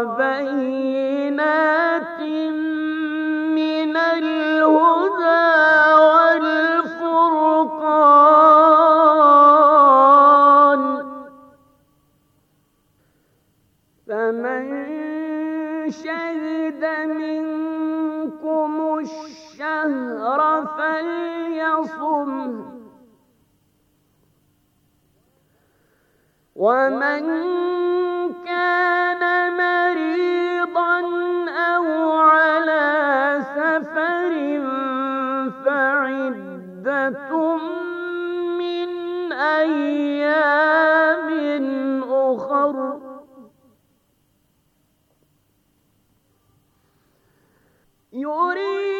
وبينات من الهدى والفرقان فمن شهد منكم الشهر فليصم ومن Yori.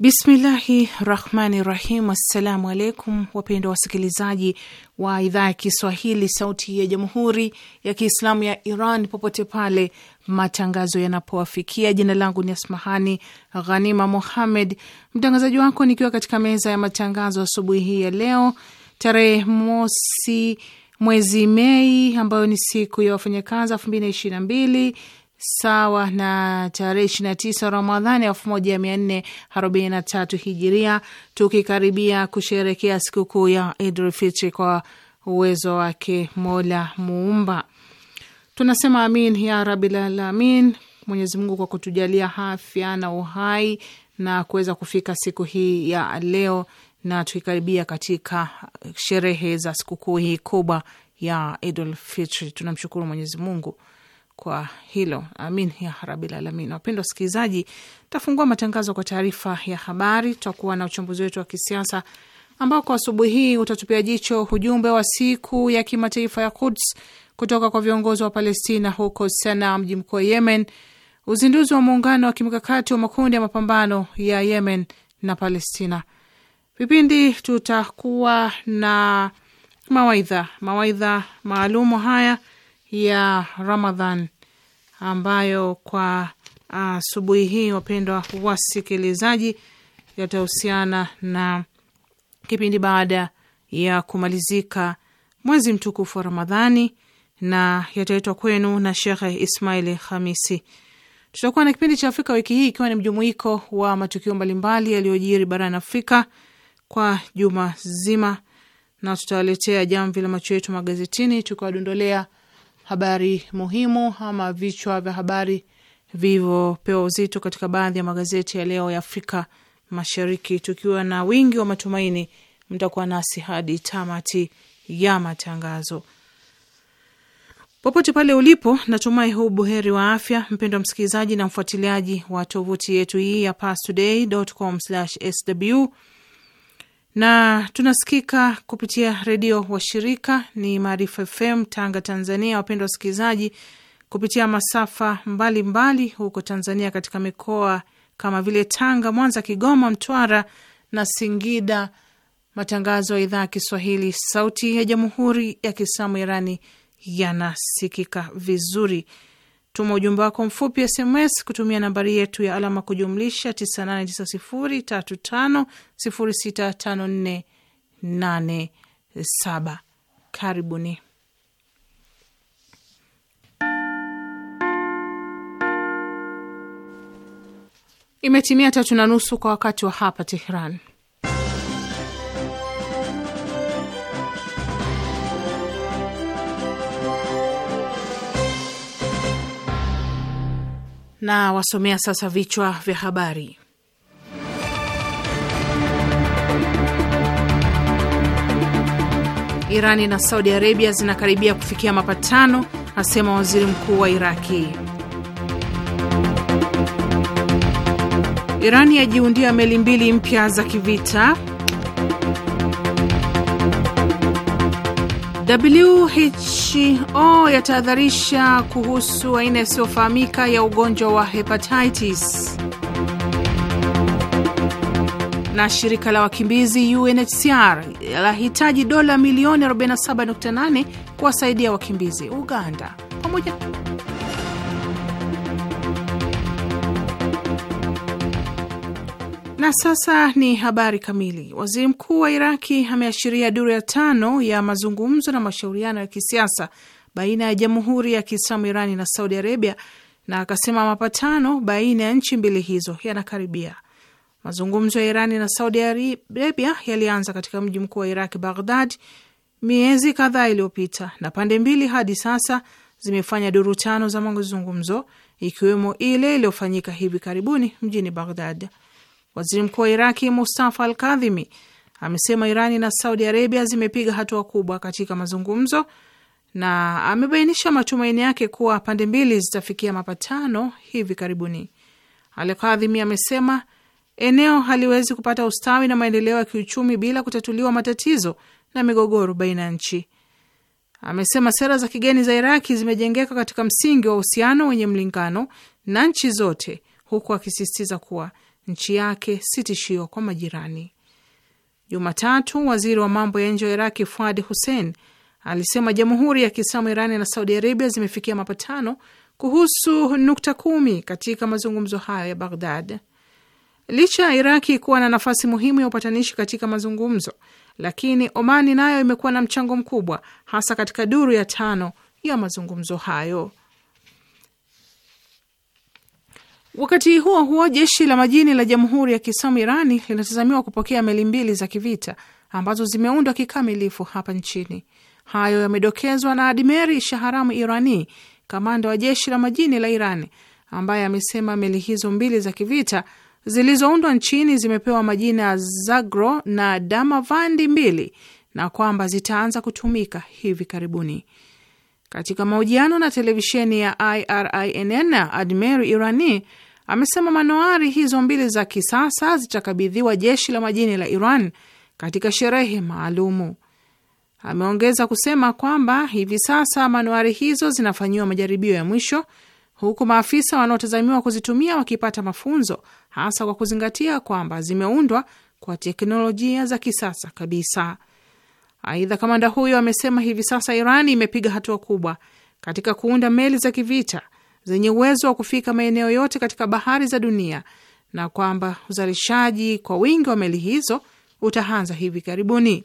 Bismillahi rahmani rahim. Assalamu alaikum wapendwa wasikilizaji wa idhaa ya Kiswahili sauti ya jamhuri ya Kiislamu ya Iran popote pale matangazo yanapowafikia. Jina langu ni Asmahani Ghanima muhammed mtangazaji wako nikiwa katika meza ya matangazo asubuhi hii ya leo tarehe mosi mwezi Mei ambayo ni siku ya wafanyakazi elfu mbili na ishirini na mbili sawa na tarehe ishirini na tisa Ramadhani elfu moja mia nne arobaini na tatu hijiria, tukikaribia kusherekea sikukuu ya Idul kwa uwezo wake Mola Muumba. Tunasema amin ya rabil alamin. Mwenyezi Mungu kwa kutujalia afya na uhai na kuweza kufika siku hii ya leo na tukikaribia katika sherehe za sikukuu hii kubwa ya Idul Fitri, tunamshukuru Mwenyezi Mungu kwa hilo, amin ya rabil alamin. Wapendwa wasikilizaji, tafungua matangazo kwa taarifa ya habari. Tutakuwa na uchambuzi wetu wa kisiasa ambao kwa asubuhi hii utatupia jicho ujumbe wa siku ya kimataifa ya Quds kutoka kwa viongozi wa Palestina huko Sana, mji mkuu wa Yemen, uzinduzi wa muungano wa kimkakati wa makundi ya mapambano ya Yemen na Palestina. Vipindi tutakuwa na mawaidha mawaidha maalumu haya ya Ramadhan ambayo kwa ah, asubuhi uh, hii, wapendwa wasikilizaji, yatahusiana na kipindi baada ya kumalizika mwezi mtukufu wa Ramadhani na yataletwa kwenu na Shekhe Ismaili Hamisi. Tutakuwa na kipindi cha Afrika wiki hii ikiwa ni mjumuiko wa matukio mbalimbali yaliyojiri barani Afrika kwa juma zima, na tutawaletea jamvi la macho yetu magazetini tukiwadondolea habari muhimu ama vichwa vya habari vilivyopewa uzito katika baadhi ya magazeti ya leo ya Afrika Mashariki, tukiwa na wingi wa matumaini. Mtakuwa nasi hadi tamati ya matangazo. Popote pale ulipo, natumai huu buheri wa afya, mpendwa msikilizaji na mfuatiliaji wa tovuti yetu hii ya pastoday.com/sw na tunasikika kupitia redio washirika ni Maarifa FM Tanga, Tanzania. Wapendwa wasikilizaji, kupitia masafa mbalimbali mbali, huko Tanzania katika mikoa kama vile Tanga, Mwanza, Kigoma, Mtwara na Singida. Matangazo ya idhaa ya Kiswahili sauti ya jamhuri ya Kiislamu Irani yanasikika vizuri. Tuma ujumbe wako mfupi SMS kutumia nambari yetu ya alama kujumlisha 989035065487. Karibuni. Imetimia tatu na nusu kwa wakati wa hapa Tehran. na wasomea sasa vichwa vya habari. Irani na Saudi Arabia zinakaribia kufikia mapatano, asema waziri mkuu wa Iraki. Irani yajiundia meli mbili mpya za kivita. WHO WHO yatahadharisha kuhusu aina isiyofahamika ya ugonjwa wa hepatitis. Na shirika la wakimbizi UNHCR lahitaji dola milioni 47.8 kuwasaidia wakimbizi Uganda pamoja Na sasa ni habari kamili. Waziri mkuu wa Iraki ameashiria duru ya tano ya mazungumzo na mashauriano ya kisiasa baina ya Jamhuri ya Kiislamu Irani na Saudi Arabia, na akasema mapatano baina ya nchi mbili hizo yanakaribia. Mazungumzo ya Irani na Saudi Arabia yalianza katika mji mkuu wa Iraki, Baghdad, miezi kadhaa iliyopita, na pande mbili hadi sasa zimefanya duru tano za mazungumzo, ikiwemo ile iliyofanyika hivi karibuni mjini Baghdad. Waziri mkuu wa Iraki Mustafa Al Kadhimi amesema Irani na Saudi Arabia zimepiga hatua kubwa katika mazungumzo na amebainisha matumaini yake kuwa pande mbili zitafikia mapatano hivi karibuni. al kadhimi amesema eneo haliwezi kupata ustawi na maendeleo ya kiuchumi bila kutatuliwa matatizo na migogoro baina ya nchi. Amesema sera za kigeni za Iraki zimejengeka katika msingi wa uhusiano wenye mlingano na nchi zote, huku akisisitiza kuwa nchi yake si tishio kwa majirani. Jumatatu, waziri wa mambo ya nje wa Iraki Fuad Hussein alisema jamhuri ya Kiislamu Irani na Saudi Arabia zimefikia mapatano kuhusu nukta kumi katika mazungumzo hayo ya Baghdad. Licha ya Iraki kuwa na nafasi muhimu ya upatanishi katika mazungumzo, lakini Omani nayo imekuwa na mchango mkubwa, hasa katika duru ya tano ya mazungumzo hayo. Wakati huo huo, jeshi la majini la Jamhuri ya Kiislamu Irani linatazamiwa kupokea meli mbili za kivita ambazo zimeundwa kikamilifu hapa nchini. Hayo yamedokezwa na Admeri Shaharamu Irani, kamanda wa jeshi la majini la iran ambaye amesema meli hizo mbili za kivita zilizoundwa nchini zimepewa majina ya Zagro na Damavandi mbili na kwamba zitaanza kutumika hivi karibuni. Katika mahojiano na televisheni ya IRINN, Admer Irani amesema manoari hizo mbili za kisasa zitakabidhiwa jeshi la majini la Iran katika sherehe maalumu. Ameongeza kusema kwamba hivi sasa manuari hizo zinafanyiwa majaribio ya mwisho huku maafisa wanaotazamiwa kuzitumia wakipata mafunzo, hasa kwa kuzingatia kwamba zimeundwa kwa teknolojia za kisasa kabisa. Aidha, kamanda huyo amesema hivi sasa Iran imepiga hatua kubwa katika kuunda meli za kivita zenye uwezo wa kufika maeneo yote katika bahari za dunia na kwamba uzalishaji kwa wingi wa meli hizo utaanza hivi karibuni.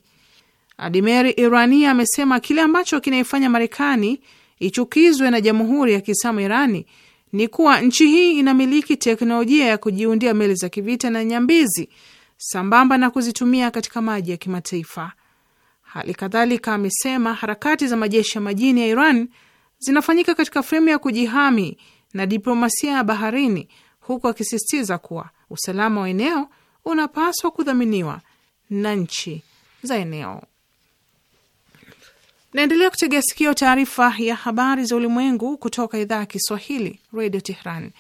Adimeri Irania amesema kile ambacho kinaifanya Marekani ichukizwe na Jamhuri ya Kiislamu Irani ni kuwa nchi hii inamiliki teknolojia ya kujiundia meli za kivita na nyambizi sambamba na kuzitumia katika maji ya kimataifa. Hali kadhalika amesema harakati za majeshi ya majini ya Iran zinafanyika katika fremu ya kujihami na diplomasia ya baharini, huku akisisitiza kuwa usalama wa eneo unapaswa kudhaminiwa na nchi za eneo. Naendelea kutegea sikio taarifa ya habari za ulimwengu kutoka idhaa ya Kiswahili, Radio Tehran.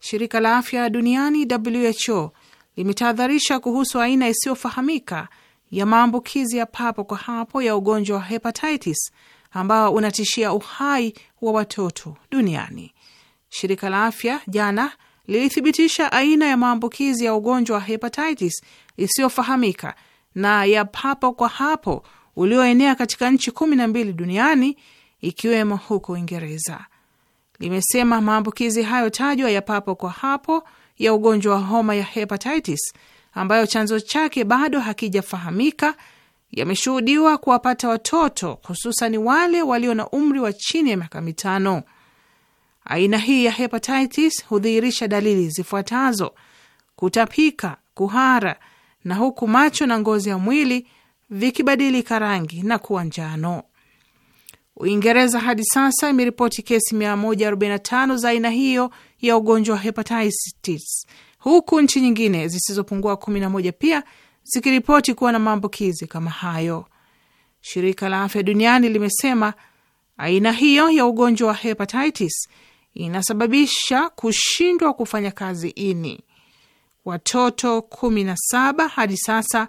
Shirika la afya duniani WHO limetahadharisha kuhusu aina isiyofahamika ya maambukizi ya papo kwa hapo ya ugonjwa wa hepatitis ambao unatishia uhai wa watoto duniani. Shirika la afya jana lilithibitisha aina ya maambukizi ya ugonjwa wa hepatitis isiyofahamika na ya papo kwa hapo ulioenea katika nchi kumi na mbili duniani ikiwemo huko Uingereza. Limesema maambukizi hayo tajwa ya papo kwa hapo ya ugonjwa wa homa ya hepatitis ambayo chanzo chake bado hakijafahamika yameshuhudiwa kuwapata watoto hususan wale walio na umri wa chini ya miaka mitano. Aina hii ya hepatitis hudhihirisha dalili zifuatazo: kutapika, kuhara, na huku macho na ngozi ya mwili vikibadilika rangi na kuwa njano. Uingereza hadi sasa imeripoti kesi 145 za aina hiyo ya ugonjwa wa hepatitis huku nchi nyingine zisizopungua kumi na moja pia zikiripoti kuwa na maambukizi kama hayo. Shirika la Afya Duniani limesema aina hiyo ya ugonjwa wa hepatitis inasababisha kushindwa kufanya kazi ini. Watoto saba hadi sasa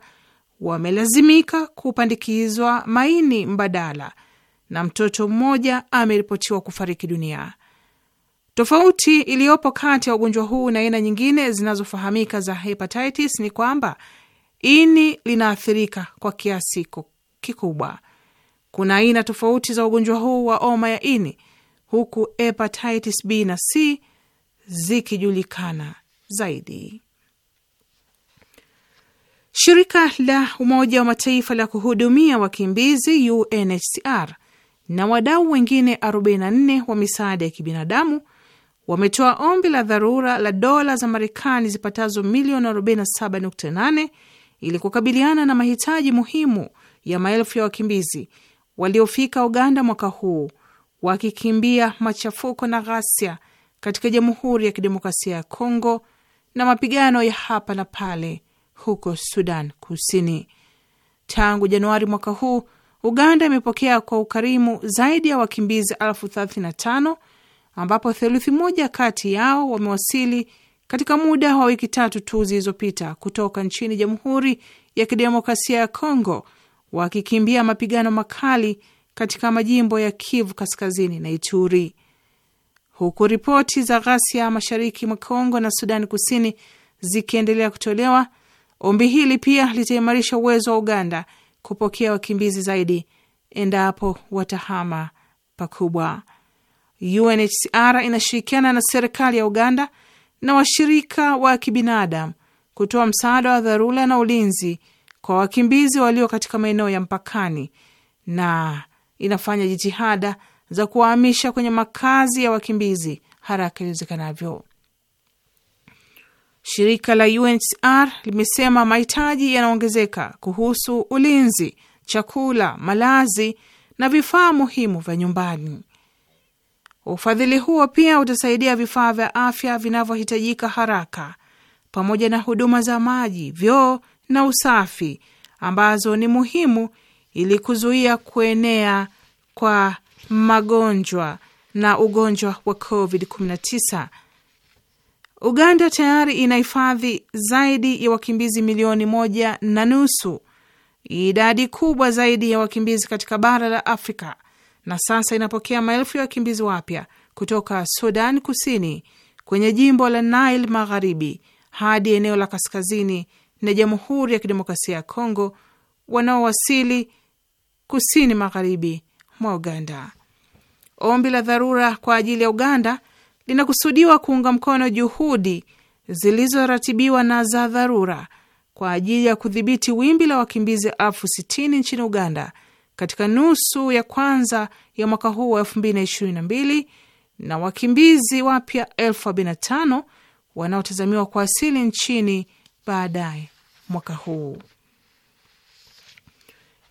wamelazimika kupandikizwa maini mbadala na mtoto mmoja ameripotiwa kufariki dunia. Tofauti iliyopo kati ya ugonjwa huu na aina nyingine zinazofahamika za hepatitis ni kwamba ini linaathirika kwa kiasi kikubwa. Kuna aina tofauti za ugonjwa huu wa homa ya ini, huku hepatitis B na C zikijulikana zaidi. Shirika la Umoja wa Mataifa la kuhudumia wakimbizi UNHCR na wadau wengine 44 wa misaada ya kibinadamu wametoa ombi la dharura la dola za Marekani zipatazo milioni 47.8 ili kukabiliana na mahitaji muhimu ya maelfu ya wakimbizi waliofika Uganda mwaka huu wakikimbia machafuko na ghasia katika Jamhuri ya Kidemokrasia ya Kongo na mapigano ya hapa na pale huko Sudan Kusini. Tangu Januari mwaka huu, Uganda imepokea kwa ukarimu zaidi ya wakimbizi elfu 35 ambapo theluthi moja kati yao wamewasili katika muda wa wiki tatu tu zilizopita kutoka nchini Jamhuri ya Kidemokrasia ya Kongo, wakikimbia mapigano makali katika majimbo ya Kivu Kaskazini na Ituri, huku ripoti za ghasia mashariki mwa Kongo na Sudani Kusini zikiendelea kutolewa. Ombi hili pia litaimarisha uwezo wa Uganda kupokea wakimbizi zaidi endapo watahama pakubwa. UNHCR inashirikiana na serikali ya Uganda na washirika wa kibinadamu kutoa msaada wa dharura na ulinzi kwa wakimbizi walio katika maeneo ya mpakani na inafanya jitihada za kuwahamisha kwenye makazi ya wakimbizi haraka iwezekanavyo. Shirika la UNHCR limesema mahitaji yanaongezeka kuhusu ulinzi, chakula, malazi na vifaa muhimu vya nyumbani. Ufadhili huo pia utasaidia vifaa vya afya vinavyohitajika haraka pamoja na huduma za maji, vyoo na usafi ambazo ni muhimu ili kuzuia kuenea kwa magonjwa na ugonjwa wa COVID-19. Uganda tayari ina hifadhi zaidi ya wakimbizi milioni moja na nusu, idadi kubwa zaidi ya wakimbizi katika bara la Afrika na sasa inapokea maelfu ya wakimbizi wapya kutoka Sudan Kusini kwenye jimbo la Nile Magharibi hadi eneo la kaskazini na Jamhuri ya Kidemokrasia ya Kongo wanaowasili kusini magharibi mwa Uganda. Ombi la dharura kwa ajili ya Uganda linakusudiwa kuunga mkono juhudi zilizoratibiwa na za dharura kwa ajili ya kudhibiti wimbi la wakimbizi elfu sitini nchini Uganda katika nusu ya kwanza ya mwaka huu wa elfu mbili na ishirini na mbili na wakimbizi wapya elfu arobaini na tano wanaotazamiwa kuwasili nchini baadaye mwaka huu.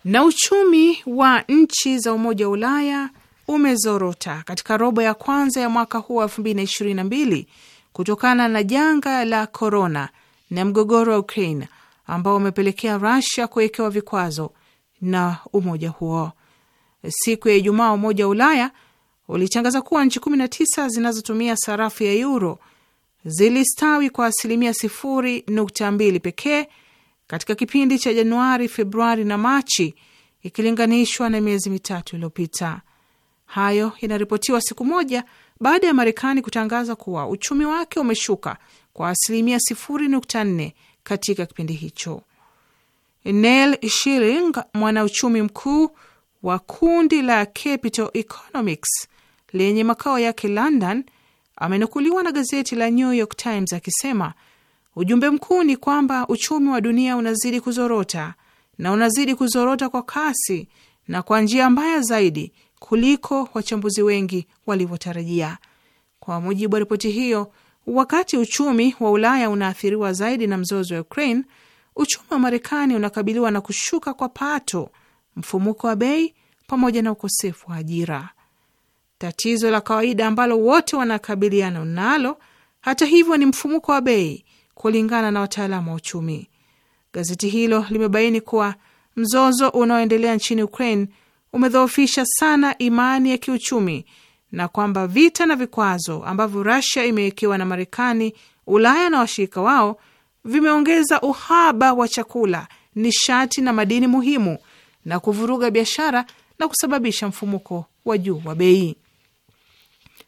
Na uchumi wa nchi za Umoja wa Ulaya umezorota katika robo ya kwanza ya mwaka huu wa elfu mbili na ishirini na mbili kutokana na janga la korona na mgogoro wa Ukraine ambao umepelekea Rusia kuwekewa vikwazo na umoja huo. Siku ya Ijumaa, Umoja wa Ulaya ulitangaza kuwa nchi 19 zinazotumia sarafu ya euro zilistawi kwa asilimia 0.2 pekee katika kipindi cha Januari, Februari na Machi ikilinganishwa na miezi mitatu iliyopita. Hayo yanaripotiwa siku moja baada ya Marekani kutangaza kuwa uchumi wake umeshuka kwa asilimia 0.4 katika kipindi hicho. Neil Shilling, mwanauchumi mkuu wa kundi la Capital Economics lenye makao yake London, amenukuliwa na gazeti la New York Times akisema ujumbe mkuu ni kwamba uchumi wa dunia unazidi kuzorota na unazidi kuzorota kwa kasi na kwa njia mbaya zaidi kuliko wachambuzi wengi walivyotarajia. Kwa mujibu wa ripoti hiyo, wakati uchumi wa Ulaya unaathiriwa zaidi na mzozo wa Ukraine uchumi wa Marekani unakabiliwa na kushuka kwa pato, mfumuko wa bei pamoja na ukosefu wa ajira, tatizo la kawaida ambalo wote wanakabiliana nalo. Hata hivyo ni mfumuko wa bei, kulingana na wataalamu wa uchumi. Gazeti hilo limebaini kuwa mzozo unaoendelea nchini Ukraine umedhoofisha sana imani ya kiuchumi na kwamba vita na vikwazo ambavyo rasia imewekewa na Marekani, Ulaya na washirika wao vimeongeza uhaba wa chakula, nishati na madini muhimu na kuvuruga biashara na kusababisha mfumuko wa juu wa bei.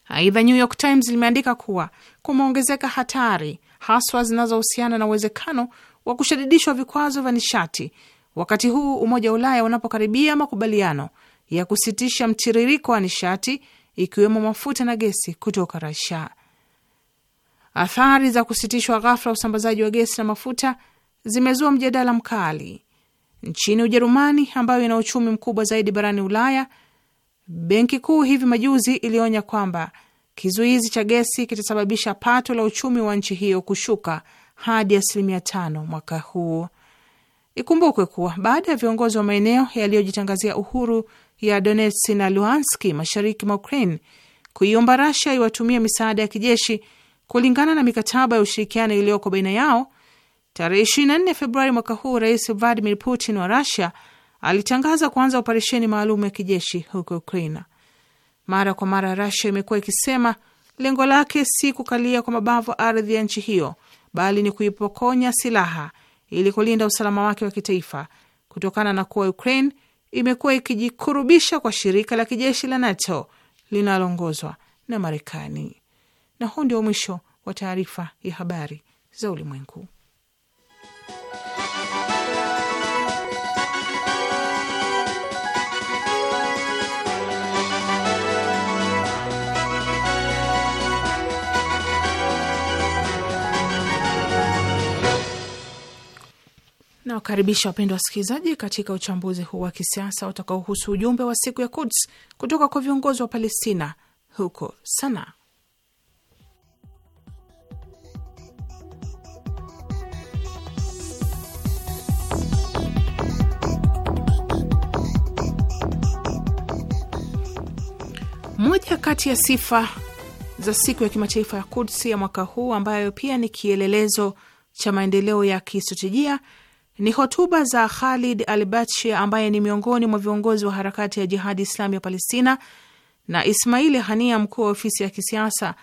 Aidha, New York Times limeandika kuwa kumeongezeka hatari haswa zinazohusiana na uwezekano wa kushadidishwa vikwazo vya nishati, wakati huu Umoja wa Ulaya unapokaribia makubaliano ya kusitisha mtiririko wa nishati ikiwemo mafuta na gesi kutoka Rasia. Athari za kusitishwa ghafla usambazaji wa gesi na mafuta zimezua mjadala mkali nchini Ujerumani, ambayo ina uchumi mkubwa zaidi barani Ulaya. Benki Kuu hivi majuzi ilionya kwamba kizuizi cha gesi kitasababisha pato la uchumi wa nchi hiyo kushuka hadi asilimia tano mwaka huu. Ikumbukwe kuwa baada ya viongozi wa maeneo yaliyojitangazia uhuru ya Donetsk na Luhanski mashariki mwa Ukraine kuiomba Rasia iwatumie misaada ya kijeshi Kulingana na mikataba ya ushirikiano iliyoko baina yao, tarehe 24 Februari mwaka huu, Rais Vladimir Putin wa Rusia alitangaza kuanza operesheni maalum ya kijeshi huko Ukraina. Mara kwa mara, Rusia imekuwa ikisema lengo lake si kukalia kwa mabavu ardhi ya nchi hiyo, bali ni kuipokonya silaha ili kulinda usalama wake wa kitaifa, kutokana na kuwa Ukraine imekuwa ikijikurubisha kwa shirika la kijeshi la NATO linaloongozwa na Marekani. Na huu ndio mwisho wa taarifa ya habari za ulimwengu. Nawakaribisha wapendwa wasikilizaji katika uchambuzi huu wa kisiasa utakaohusu ujumbe wa siku ya Kuds kutoka kwa viongozi wa Palestina huko Sanaa. Moja kati ya sifa za siku ya kimataifa ya Kudsi ya mwaka huu ambayo pia ni kielelezo cha maendeleo ya kistratejia ni hotuba za Khalid al Batshi ambaye ni miongoni mwa viongozi wa harakati ya Jihadi Islami ya Palestina na Ismaili Hania, mkuu wa ofisi ya kisiasa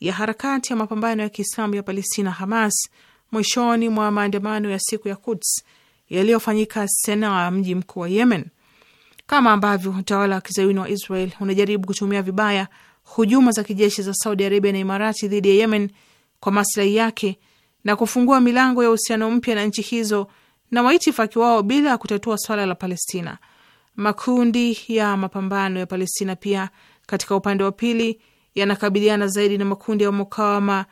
ya harakati ya mapambano ya kiislamu ya Palestina, Hamas, mwishoni mwa maandamano ya siku ya Kuds yaliyofanyika Sanaa, mji mkuu wa Yemen kama ambavyo utawala wa kizayuni wa Israel unajaribu kutumia vibaya hujuma za kijeshi za Saudi Arabia na Imarati dhidi ya Yemen kwa maslahi yake na kufungua milango ya uhusiano mpya na nchi hizo na waitifaki wao bila ya kutatua swala la Palestina. Makundi ya mapambano ya Palestina pia katika upande wa pili yanakabiliana zaidi na makundi ya mukawama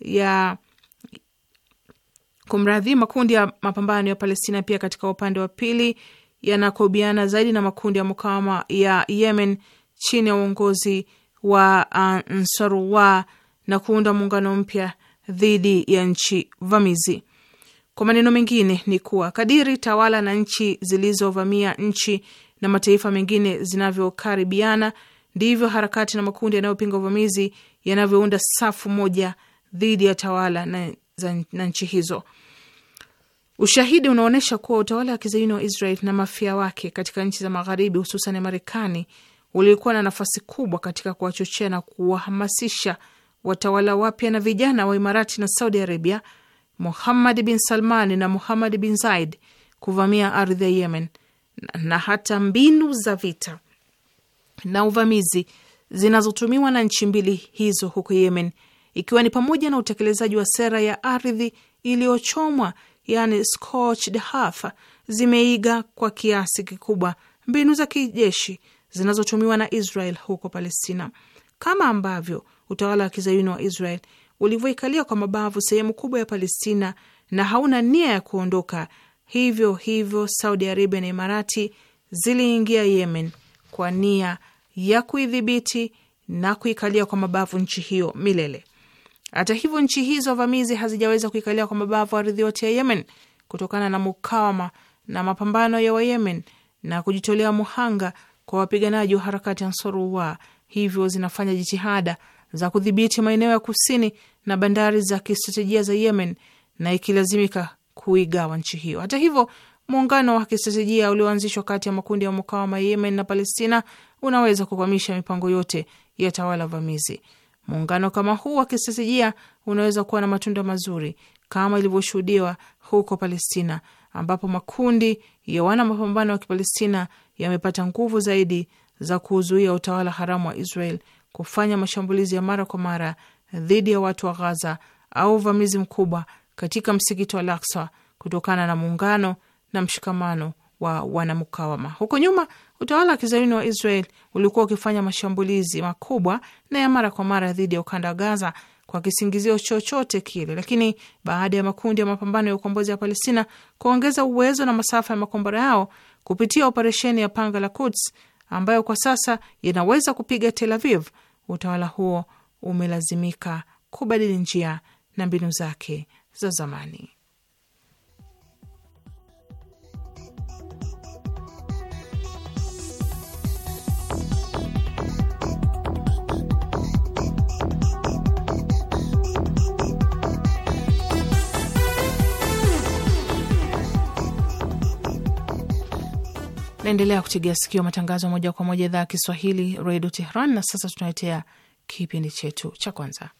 ya kumradhi, makundi ya mapambano ya Palestina pia katika upande wa pili yanakobiana zaidi na makundi ya mukawama ya Yemen chini ya uongozi wa uh, Ansarullah na kuunda muungano mpya dhidi ya nchi vamizi. Kwa maneno mengine ni kuwa kadiri tawala na nchi zilizovamia nchi na mataifa mengine zinavyokaribiana, ndivyo harakati na makundi yanayopinga uvamizi yanavyounda safu moja dhidi ya tawala na, na nchi hizo. Ushahidi unaonyesha kuwa utawala wa kizayuni wa Israel na mafia wake katika nchi za Magharibi, hususan Marekani, ulikuwa na nafasi kubwa katika kuwachochea na kuwahamasisha watawala wapya na vijana wa Imarati na Saudi Arabia, Muhammad bin Salmani na Muhammad bin Zaid kuvamia ardhi ya Yemen na hata mbinu za vita na uvamizi zinazotumiwa na nchi mbili hizo huko Yemen, ikiwa ni pamoja na utekelezaji wa sera ya ardhi iliyochomwa yani Scotch DHAF zimeiga kwa kiasi kikubwa mbinu za kijeshi zinazotumiwa na Israel huko Palestina, kama ambavyo utawala wa kizayuni wa Israel ulivyoikalia kwa mabavu sehemu kubwa ya Palestina na hauna nia ya kuondoka. Hivyo hivyo Saudi Arabia na Imarati ziliingia Yemen kwa nia ya kuidhibiti na kuikalia kwa mabavu nchi hiyo milele. Hata hivyo, nchi hizo vamizi hazijaweza kuikalia kwa mabavu ardhi yote ya Yemen kutokana na mukawama na mapambano ya Wayemen na kujitolea muhanga kwa wapiganaji wa harakati Ansarullah, hivyo zinafanya jitihada za kudhibiti maeneo ya kusini na bandari za kistratejia za Yemen na ikilazimika kuigawa nchi hiyo. Hata hivyo, muungano wa kistratejia ulioanzishwa kati ya makundi ya mukawama ya Yemen na Palestina unaweza kukwamisha mipango yote ya tawala vamizi. Muungano kama huu wa kistratejia unaweza kuwa na matunda mazuri kama ilivyoshuhudiwa huko Palestina, ambapo makundi ya wana mapambano wa Kipalestina yamepata nguvu zaidi za kuzuia utawala haramu wa Israel kufanya mashambulizi ya mara kwa mara dhidi ya watu wa Ghaza au uvamizi mkubwa katika msikiti wa Al-Aqsa kutokana na muungano na mshikamano wa wanamkawama Huko nyuma Utawala wa kizayuni wa Israel ulikuwa ukifanya mashambulizi makubwa na ya mara kwa mara dhidi ya ukanda wa Gaza kwa kisingizio chochote kile, lakini baada ya makundi ya mapambano ya ukombozi wa Palestina kuongeza uwezo na masafa ya makombora yao kupitia operesheni ya panga la Quds ambayo kwa sasa inaweza kupiga Tel Aviv, utawala huo umelazimika kubadili njia na mbinu zake za zamani. Naendelea kutegea sikio matangazo moja kwa moja idhaa ya Kiswahili redio Tehran. Na sasa tunaletea kipindi chetu cha kwanza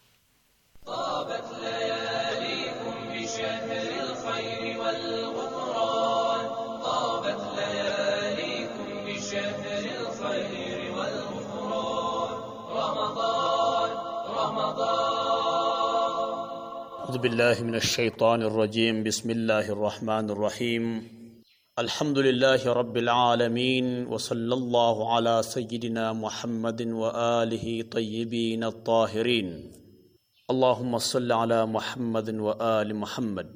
Audhu billahi minash shaitani rajim. Bismillahir rahmanir rahim الحمد لله رب العالمين وصلى الله على سيدنا محمد وآله طيبين الطاهرين اللهم صل على محمد وآل محمد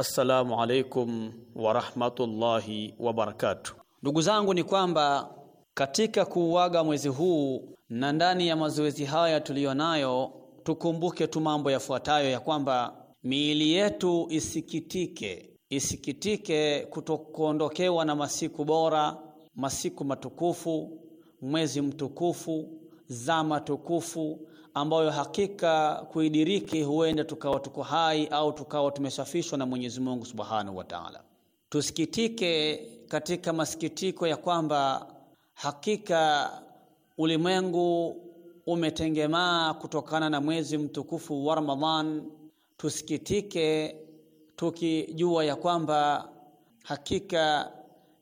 السلام عليكم ورحمة الله وبركاته ndugu zangu ni kwamba katika kuuaga mwezi huu na ndani ya mazoezi haya tuliyonayo tukumbuke tu mambo yafuatayo ya kwamba miili yetu isikitike isikitike kutokuondokewa na masiku bora, masiku matukufu, mwezi mtukufu, zama tukufu ambayo hakika kuidiriki huenda tukawa tuko hai au tukawa tumesafishwa na Mwenyezi Mungu Subhanahu wa Ta'ala. Tusikitike katika masikitiko ya kwamba hakika ulimwengu umetengemaa kutokana na mwezi mtukufu wa Ramadhan. Tusikitike tukijua ya kwamba hakika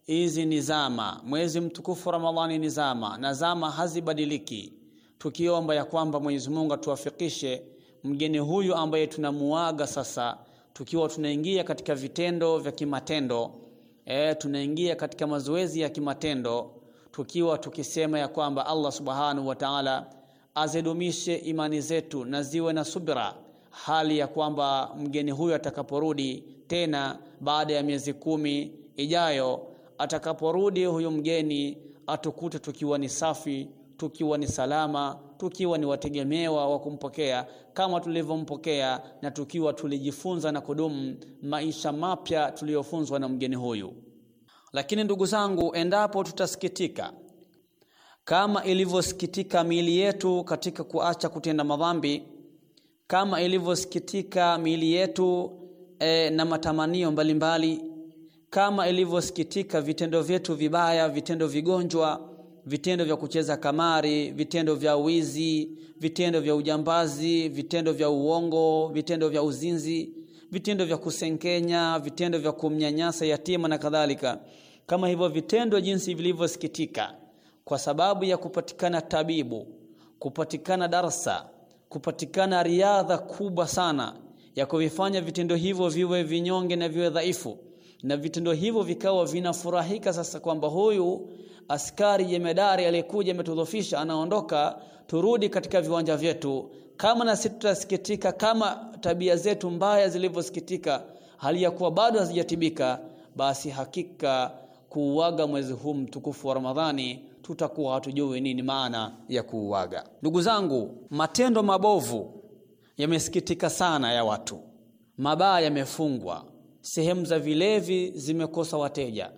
hizi ni zama, mwezi mtukufu Ramadhani ni zama na zama hazibadiliki, tukiomba ya kwamba Mwenyezi Mungu atuwafikishe mgeni huyu ambaye tunamuaga sasa, tukiwa tunaingia katika vitendo vya kimatendo e, tunaingia katika mazoezi ya kimatendo, tukiwa tukisema ya kwamba Allah subhanahu wa ta'ala azidumishe imani zetu na ziwe na subira hali ya kwamba mgeni huyo atakaporudi tena baada ya miezi kumi ijayo, atakaporudi huyu mgeni atukute tukiwa ni safi, tukiwa ni salama, tukiwa ni wategemewa wa kumpokea kama tulivyompokea, na tukiwa tulijifunza na kudumu maisha mapya tuliyofunzwa na mgeni huyu. Lakini ndugu zangu, endapo tutasikitika kama ilivyosikitika miili yetu katika kuacha kutenda madhambi kama ilivyosikitika miili yetu e, na matamanio mbalimbali mbali. kama ilivyosikitika vitendo vyetu vibaya vitendo vigonjwa vitendo vya kucheza kamari vitendo vya wizi vitendo vya ujambazi vitendo vya uongo vitendo vya uzinzi vitendo vya kusenkenya vitendo vya kumnyanyasa yatima na kadhalika kama hivyo vitendo jinsi vilivyosikitika kwa sababu ya kupatikana tabibu kupatikana darsa kupatikana riadha kubwa sana ya kuvifanya vitendo hivyo viwe vinyonge na viwe dhaifu na vitendo hivyo vikawa vinafurahika sasa kwamba huyu askari jemedari aliyekuja ametudhofisha anaondoka turudi katika viwanja vyetu kama na sisi tutasikitika kama tabia zetu mbaya zilivyosikitika hali ya kuwa bado hazijatibika basi hakika kuuaga mwezi huu mtukufu wa Ramadhani tutakuwa hatujui nini maana ya kuuaga. Ndugu zangu, matendo mabovu yamesikitika sana ya watu, mabaa yamefungwa, sehemu za vilevi zimekosa wateja,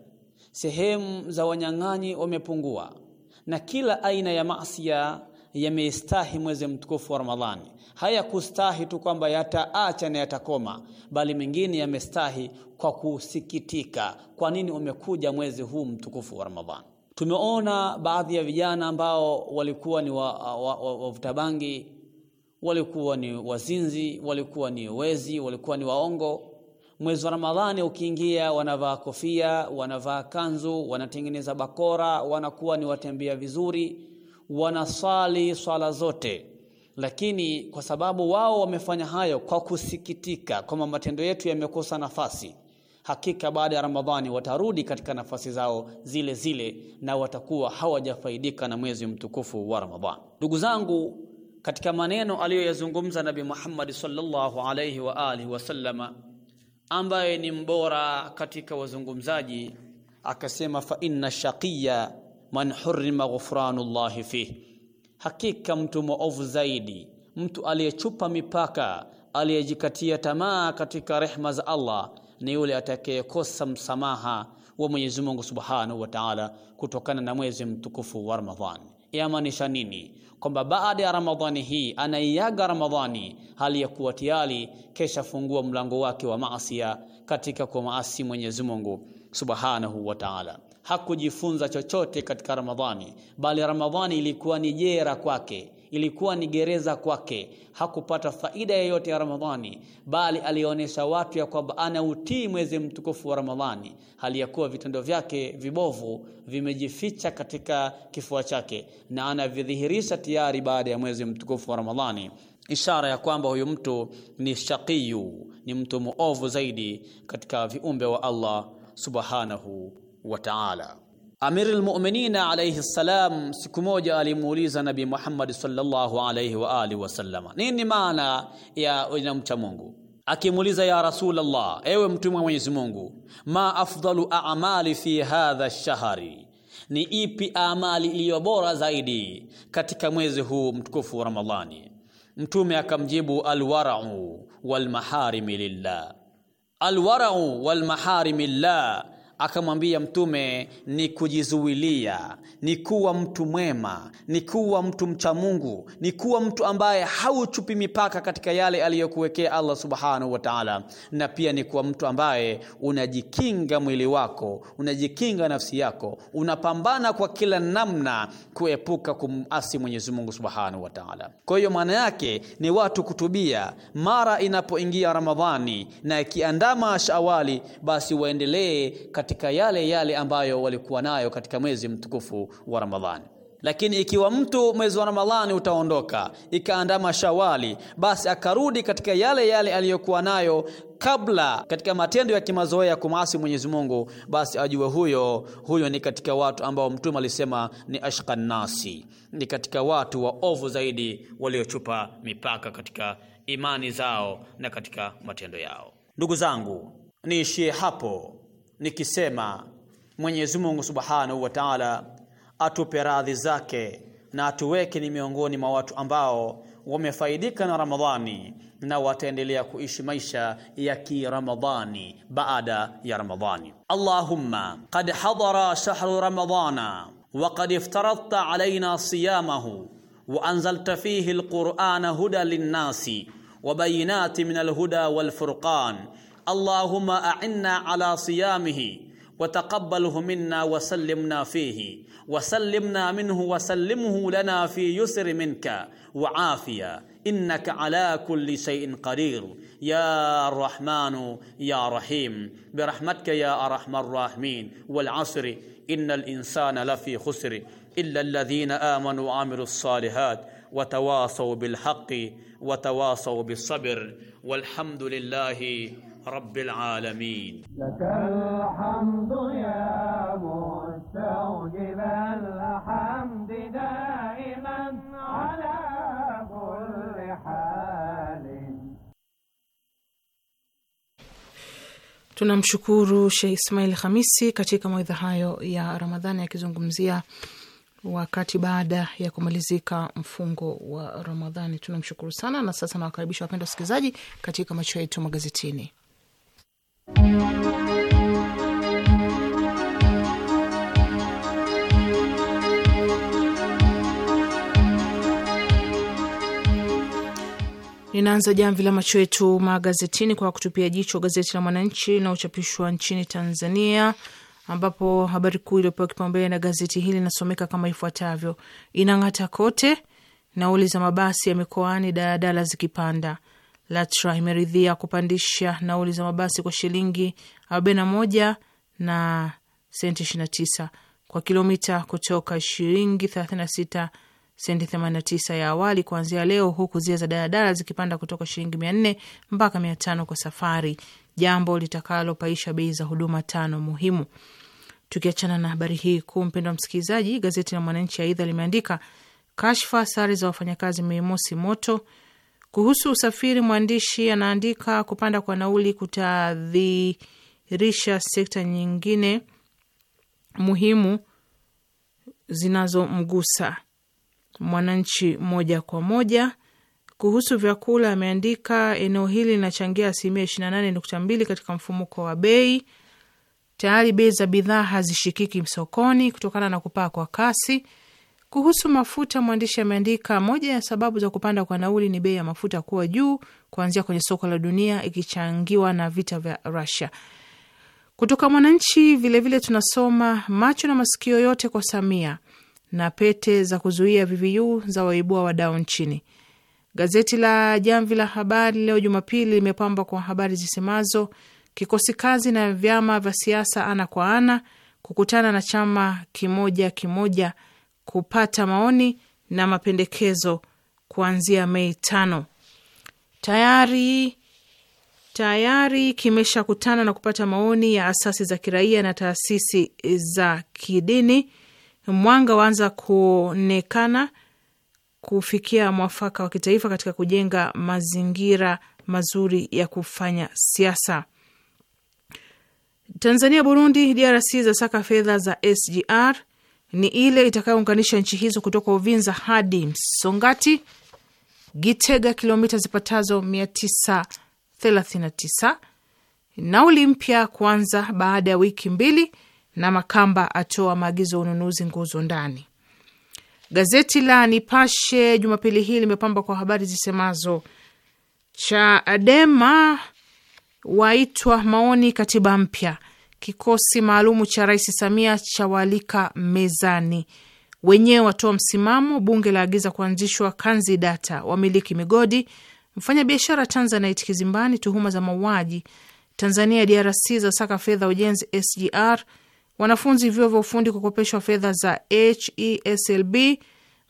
sehemu za wanyang'anyi wamepungua, na kila aina ya masia yameistahi mwezi mtukufu wa Ramadhani. Hayakustahi tu kwamba yataacha na yatakoma, bali mengine yamestahi kwa kusikitika. Kwa nini umekuja mwezi huu mtukufu wa Ramadhani? Tumeona baadhi ya vijana ambao walikuwa ni wavuta bangi wa, wa, wa walikuwa ni wazinzi, walikuwa ni wezi, walikuwa ni waongo. Mwezi wa Ramadhani ukiingia, wanavaa kofia, wanavaa kanzu, wanatengeneza bakora, wanakuwa ni watembea vizuri, wanasali swala zote, lakini kwa sababu wao wamefanya hayo kwa kusikitika kwamba matendo yetu yamekosa nafasi hakika baada ya Ramadhani watarudi katika nafasi zao zile zile na watakuwa hawajafaidika na mwezi mtukufu wa Ramadhani. Ndugu zangu, katika maneno aliyoyazungumza Nabi Muhammad sallallahu alayhi wa alihi wasallama, ambaye ni mbora katika wazungumzaji, akasema fa inna shaqiya man hurima ghufranullahi fih, hakika mtu mwovu zaidi, mtu aliyechupa mipaka, aliyejikatia tamaa katika rehma za Allah ni yule atakayekosa msamaha wa Mwenyezi Mungu Subhanahu wa Ta'ala kutokana na mwezi mtukufu wa Ramadhani. Yamaanisha nini? Kwamba baada ya Ramadhani hii anaiaga Ramadhani hali ya kuwa tayari kesha fungua mlango wake wa maasi katika kwa maasi Mwenyezi Mungu Subhanahu wa Ta'ala. Hakujifunza chochote katika Ramadhani, bali Ramadhani ilikuwa ni jera kwake ilikuwa ni gereza kwake. Hakupata faida yoyote ya Ramadhani, bali alionyesha watu ya kwamba anautii mwezi mtukufu wa Ramadhani, hali ya kuwa vitendo vyake vibovu vimejificha katika kifua chake na anavidhihirisha tayari baada ya mwezi mtukufu wa Ramadhani, ishara ya kwamba huyu mtu ni shaqiyu, ni mtu muovu zaidi katika viumbe wa Allah subhanahu wa ta'ala al Mu'minin alayhi salam siku moja alimuuliza nabi Muhammad sallallahu alayhi wa alihi wasallam, nini maana ya inamcha Mungu? Akimuuliza ya Rasulullah, ewe mtume wa Mwenyezi Mungu, ma afdalu a'mali fi hadha ash-shahri, ni ipi amali iliyo bora zaidi katika mwezi huu mtukufu wa Ramadhani? Mtume akamjibu, alwara'u walmaharimi lillah, alwara'u walmaharimi lillah akamwambia mtume ni kujizuilia ni kuwa mtu mwema ni kuwa mtu mcha mungu ni kuwa mtu ambaye hauchupi mipaka katika yale aliyokuwekea allah subhanahu wa taala na pia ni kuwa mtu ambaye unajikinga mwili wako unajikinga nafsi yako unapambana kwa kila namna kuepuka kumasi mwenyezi mungu subhanahu wa taala kwa hiyo maana yake ni watu kutubia mara inapoingia ramadhani na ikiandama shawali basi waendelee katika yale yale ambayo walikuwa nayo katika mwezi mtukufu wa Ramadhani. Lakini ikiwa mtu mwezi wa Ramadhani utaondoka ikaandama Shawali, basi akarudi katika yale yale aliyokuwa nayo kabla katika matendo ya kimazoea kumasi Mwenyezi Mungu, basi ajue huyo huyo ni katika watu ambao Mtume alisema ni ashqa nasi, ni katika watu wa ovu zaidi waliochupa mipaka katika imani zao na katika matendo yao. Ndugu zangu, niishie hapo nikisema Mwenyezi Mungu Subhanahu wa Ta'ala atupe radhi zake na atuweke ni miongoni mwa watu ambao wamefaidika na Ramadhani na wataendelea kuishi maisha ya Ramadhani baada ya Ramadhani. Allahumma qad hadara shahru ramadana wa qad iftaradta alaina siyamahu wa anzalta fihi alqur'ana huda linnasi wa bayinati min alhuda walfurqan اللهم أعنا على صيامه وتقبله منا وسلمنا فيه وسلمنا منه وسلمه لنا في يسر منك وعافية إنك على كل شيء قدير يا الرحمن يا رحيم برحمتك يا أرحم الراحمين والعصر إن الإنسان لفي خسر إلا الذين آمنوا وعملوا الصالحات وتواصوا بالحق وتواصوا بالصبر والحمد لله rabbil alamin. Tunamshukuru Sheikh Ismail Hamisi katika mawaidha hayo ya Ramadhani akizungumzia wakati baada ya kumalizika mfungo wa Ramadhani. Tunamshukuru sana, na sasa nawakaribisha wapenda wasikilizaji katika macho yetu magazetini. Ninaanza jamvi la macho yetu magazetini kwa kutupia jicho gazeti la Mwananchi linalochapishwa nchini Tanzania, ambapo habari kuu iliyopewa kipaumbele na gazeti hili inasomeka kama ifuatavyo: inang'ata kote, nauli za mabasi ya mikoani, daladala zikipanda LATRA imeridhia kupandisha nauli za mabasi kwa shilingi 41 na senti 29 kwa kilomita kutoka shilingi 36 senti 89 ya awali kuanzia leo, huku zile za daladala zikipanda kutoka shilingi 400 mpaka 500 kwa safari, jambo litakalopaisha bei za huduma tano muhimu. Tukiachana na habari hii kuu, mpendwa msikilizaji, gazeti la Mwananchi aidha limeandika kashfa sare za wafanyakazi Mei Mosi moto kuhusu usafiri, mwandishi anaandika kupanda kwa nauli kutadhirisha sekta nyingine muhimu zinazomgusa mwananchi moja kwa moja. Kuhusu vyakula ameandika, eneo hili linachangia asilimia ishirini na nane nukta mbili katika mfumuko wa bei. Tayari bei za bidhaa hazishikiki sokoni kutokana na kupaa kwa kasi. Kuhusu mafuta, mwandishi ameandika moja ya sababu za kupanda kwa nauli ni bei ya mafuta kuwa juu kuanzia kwenye soko la dunia, ikichangiwa na vita vya Russia. Kutoka Mwananchi vilevile vile tunasoma macho na masikio yote kwa Samia na pete za kuzuia VVU za waibua wadao nchini. Gazeti la Jamvi la Habari leo Jumapili limepambwa kwa habari zisemazo kikosi kazi na vyama vya siasa ana kwa ana kukutana na chama kimoja kimoja kupata maoni na mapendekezo kuanzia Mei tano. Tayari tayari kimeshakutana na kupata maoni ya asasi za kiraia na taasisi za kidini. Mwanga waanza kuonekana kufikia mwafaka wa kitaifa katika kujenga mazingira mazuri ya kufanya siasa. Tanzania, Burundi, DRC zasaka fedha za SGR ni ile itakayounganisha nchi hizo kutoka Uvinza hadi Msongati Gitega, kilomita zipatazo 939. Nauli mpya kuanza baada ya wiki mbili, na Makamba atoa maagizo ya ununuzi nguzo ndani. Gazeti la Nipashe Jumapili hii limepambwa kwa habari zisemazo Chadema waitwa maoni katiba mpya kikosi maalumu cha Rais Samia chawalika mezani, wenyewe watoa msimamo. Bunge laagiza kuanzishwa kanzidata wamiliki migodi. Mfanyabiashara Tanzanite kizimbani tuhuma za mauaji. Tanzania DRC za saka fedha ujenzi SGR. Wanafunzi vyuo vya ufundi kukopeshwa fedha za HESLB.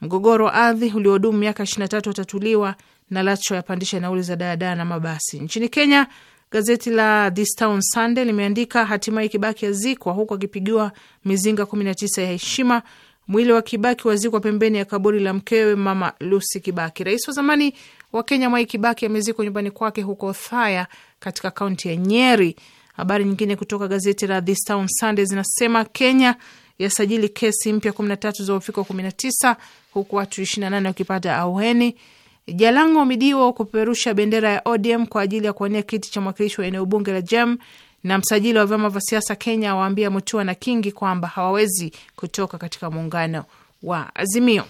Mgogoro wa ardhi uliodumu miaka 23 utatuliwa, na LATRA yapandisha nauli za daladala na mabasi. Nchini Kenya, Gazeti la This Town Sunday limeandika hatimaye Kibaki azikwa huku akipigiwa mizinga 19 ya heshima. Mwili wa Kibaki wazikwa pembeni ya kaburi la mkewe Mama Lucy Kibaki. Rais wa zamani wa Kenya Mwai Kibaki amezikwa nyumbani kwake huko Thaya katika kaunti ya Nyeri. Habari nyingine kutoka gazeti la This Town Sunday zinasema Kenya yasajili kesi mpya 13 za uviko 19 huku watu 28 wakipata auheni Jalango Midiwo kupeperusha bendera ya ODM kwa ajili ya kuwania kiti cha mwakilishi wa eneo bunge la JEM, na msajili wa vyama vya siasa Kenya awaambia Mutua na Kingi kwamba hawawezi kutoka katika muungano wa Azimio.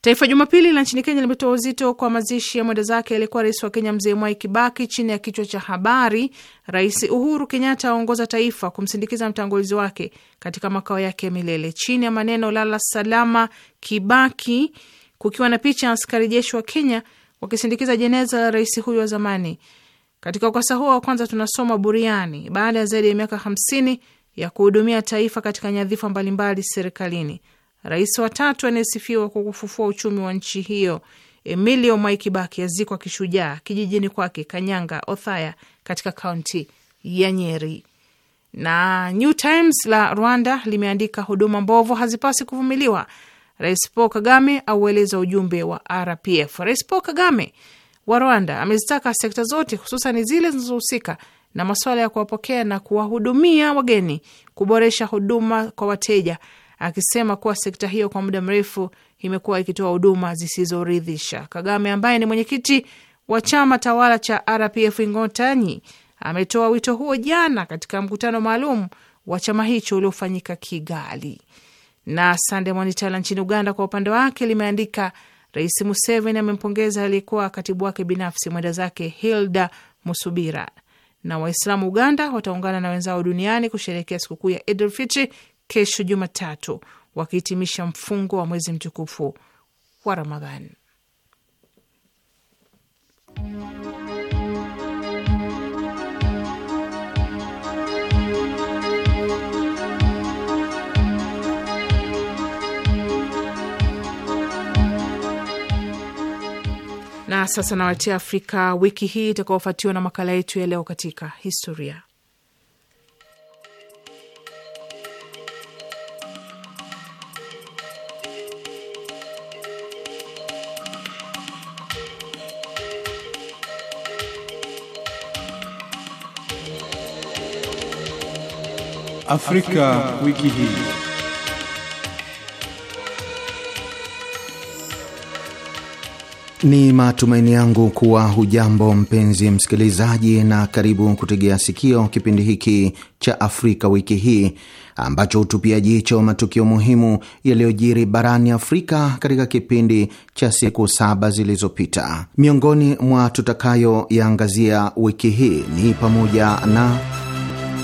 Taifa Jumapili la nchini Kenya limetoa uzito kwa mazishi ya mwenda zake aliyekuwa rais wa Kenya Mzee Mwai Kibaki chini ya kichwa cha habari, Rais Uhuru Kenyatta aongoza taifa kumsindikiza mtangulizi wake katika makao yake milele, chini ya maneno lala salama Kibaki kukiwa na picha ya askari jeshi wa Kenya wakisindikiza jeneza la rais huyo wa zamani. Katika ukurasa huo wa kwanza tunasoma buriani, baada ya zaidi ya miaka hamsini ya kuhudumia taifa katika nyadhifa mbalimbali serikalini, rais wa tatu anayesifiwa kwa kufufua uchumi wa nchi hiyo Emilio Mwai Kibaki azikwa kishujaa kijijini kwake Kanyanga Othaya katika kaunti ya Nyeri. Na New Times la Rwanda limeandika huduma mbovu hazipasi kuvumiliwa Rais Paul Kagame aueleza ujumbe wa RPF. Rais Paul Kagame wa Rwanda amezitaka sekta zote, hususan zile zinazohusika na masuala ya kuwapokea na kuwahudumia wageni kuboresha huduma kwa wateja, akisema kuwa sekta hiyo kwa muda mrefu imekuwa ikitoa huduma zisizoridhisha. Kagame ambaye ni mwenyekiti wa chama tawala cha RPF Ingotanyi ametoa wito huo jana katika mkutano maalum wa chama hicho uliofanyika Kigali. Na Sunday Monitor nchini Uganda kwa upande wake limeandika Rais Museveni amempongeza aliyekuwa katibu wake binafsi mwenda zake Hilda Musubira, na Waislamu Uganda wataungana na wenzao duniani kusherekea sikukuu ya Idul Fitri kesho Jumatatu, wakihitimisha mfungo wa mwezi mtukufu wa Ramadhani. sasa nawatia Afrika wiki hii itakaofuatiwa na makala yetu ya leo katika historia. Afrika, Afrika wiki hii. Ni matumaini yangu kuwa hujambo mpenzi msikilizaji, na karibu kutegea sikio kipindi hiki cha Afrika wiki hii ambacho hutupia jicho matukio muhimu yaliyojiri barani Afrika katika kipindi cha siku saba zilizopita. Miongoni mwa tutakayoyaangazia wiki hii ni pamoja na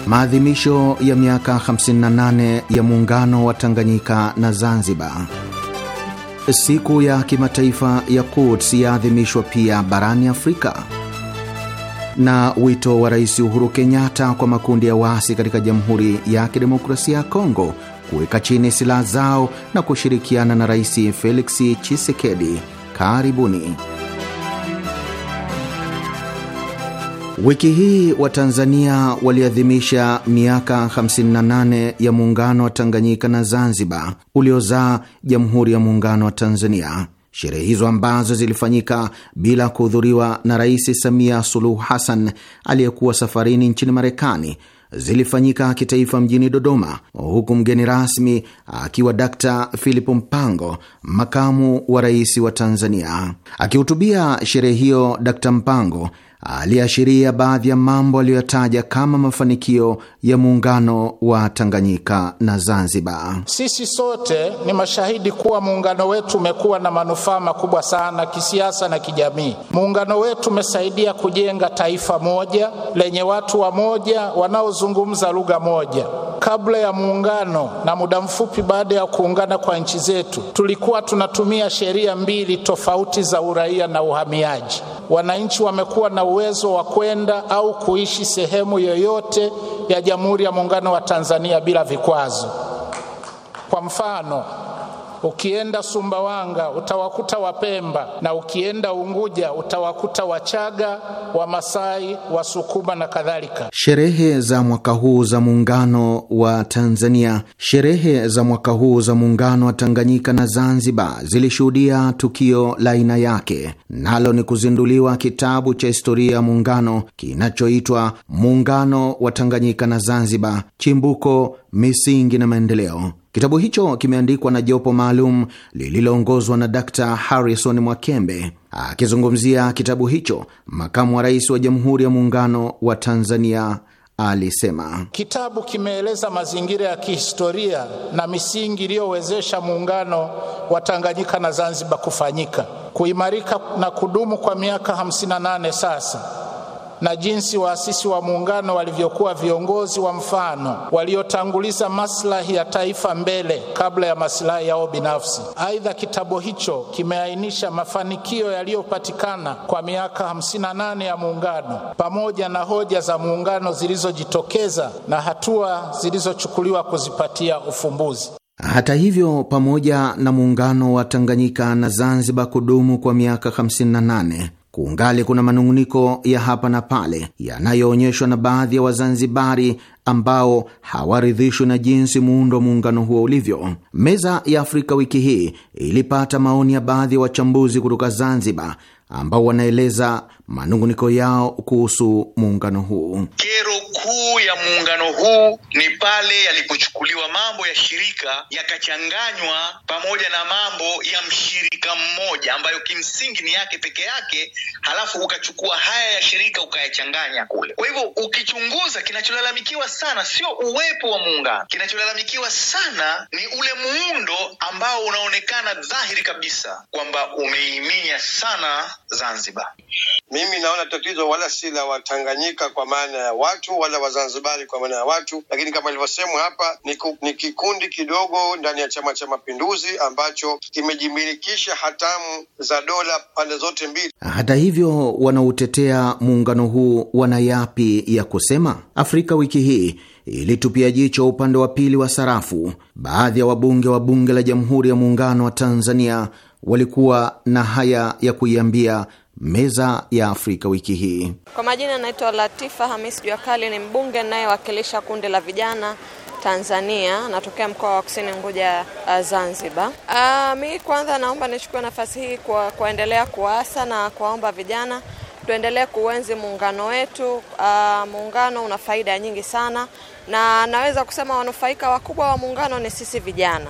maadhimisho ya miaka 58 ya muungano wa Tanganyika na Zanzibar siku ya kimataifa ya Quds yaadhimishwa pia barani Afrika, na wito wa Rais Uhuru Kenyatta kwa makundi ya waasi katika Jamhuri ya Kidemokrasia ya Kongo kuweka chini silaha zao na kushirikiana na Rais Felix Chisekedi. Karibuni. Wiki hii Watanzania waliadhimisha miaka 58 ya muungano wa Tanganyika na Zanzibar uliozaa Jamhuri ya Muungano wa Tanzania. Sherehe hizo ambazo zilifanyika bila kuhudhuriwa na Rais Samia Suluhu Hassan aliyekuwa safarini nchini Marekani zilifanyika kitaifa mjini Dodoma, huku mgeni rasmi akiwa Dkt Philip Mpango, makamu wa rais wa Tanzania. Akihutubia sherehe hiyo, Dkt Mpango aliashiria baadhi ya mambo aliyoyataja kama mafanikio ya muungano wa Tanganyika na Zanzibar. Sisi sote ni mashahidi kuwa muungano wetu umekuwa na manufaa makubwa sana kisiasa na kijamii. Muungano wetu umesaidia kujenga taifa moja lenye watu wamoja wanaozungumza lugha moja. Kabla ya muungano na muda mfupi baada ya kuungana kwa nchi zetu, tulikuwa tunatumia sheria mbili tofauti za uraia na uhamiaji. Wananchi wamekuwa na uwezo wa kwenda au kuishi sehemu yoyote ya Jamhuri ya Muungano wa Tanzania bila vikwazo. Kwa mfano, Ukienda Sumbawanga utawakuta Wapemba, na ukienda Unguja utawakuta Wachaga, Wamasai, Wasukuma na kadhalika. Sherehe za mwaka huu za muungano wa Tanzania, sherehe za mwaka huu za muungano wa Tanganyika na Zanzibar zilishuhudia tukio la aina yake, nalo ni kuzinduliwa kitabu cha historia ya muungano kinachoitwa Muungano wa Tanganyika na Zanzibar, chimbuko misingi na maendeleo. Kitabu hicho kimeandikwa na jopo maalum lililoongozwa na Dr Harrison Mwakembe. Akizungumzia kitabu hicho, makamu wa rais wa Jamhuri ya Muungano wa Tanzania alisema kitabu kimeeleza mazingira ya kihistoria na misingi iliyowezesha muungano wa Tanganyika na Zanzibar kufanyika, kuimarika na kudumu kwa miaka 58 sasa na jinsi waasisi wa muungano walivyokuwa viongozi wa mfano waliotanguliza maslahi ya taifa mbele kabla ya maslahi yao binafsi. Aidha, kitabu hicho kimeainisha mafanikio yaliyopatikana kwa miaka 58 ya muungano pamoja na hoja za muungano zilizojitokeza na hatua zilizochukuliwa kuzipatia ufumbuzi. Hata hivyo, pamoja na muungano wa Tanganyika na Zanzibar kudumu kwa miaka 58 kuungali kuna manung'uniko ya hapa na pale yanayoonyeshwa na baadhi ya Wazanzibari ambao hawaridhishwi na jinsi muundo wa muungano huo ulivyo. Meza ya Afrika wiki hii ilipata maoni ya baadhi ya wachambuzi kutoka Zanzibar ambao wanaeleza manunguniko yao kuhusu muungano huu. Kero kuu ya muungano huu ni pale yalipochukuliwa mambo ya shirika yakachanganywa pamoja na mambo ya mshirika mmoja ambayo kimsingi ni yake peke yake, halafu ukachukua haya ya shirika ukayachanganya kule. Kwa hivyo ukichunguza, kinacholalamikiwa sana sio uwepo wa muungano, kinacholalamikiwa sana ni ule muundo ambao unaonekana dhahiri kabisa kwamba umeiminya sana Zanzibar. Mimi naona tatizo wala si la Watanganyika kwa maana ya watu wala Wazanzibari kwa maana ya watu, lakini kama ilivyosemwa hapa ni, ku, ni kikundi kidogo ndani ya Chama cha Mapinduzi ambacho kimejimilikisha hatamu za dola pande zote mbili. Hata hivyo, wanaotetea muungano huu wana yapi ya kusema? Afrika Wiki Hii ilitupia jicho upande wa pili wa sarafu. Baadhi ya wabunge wa Bunge la Jamhuri ya Muungano wa Tanzania walikuwa na haya ya kuiambia meza ya Afrika wiki hii. Kwa majina naitwa Latifa Hamis Juakali, ni mbunge nayewakilisha kundi la vijana Tanzania, natokea mkoa wa Kusini Nguja, uh, Zanzibar. Uh, mi kwanza naomba nichukue nafasi hii kwa kuendelea kuasa na kuwaomba vijana tuendelee kuenzi muungano wetu. Uh, muungano una faida nyingi sana, na naweza kusema wanufaika wakubwa wa muungano ni sisi vijana.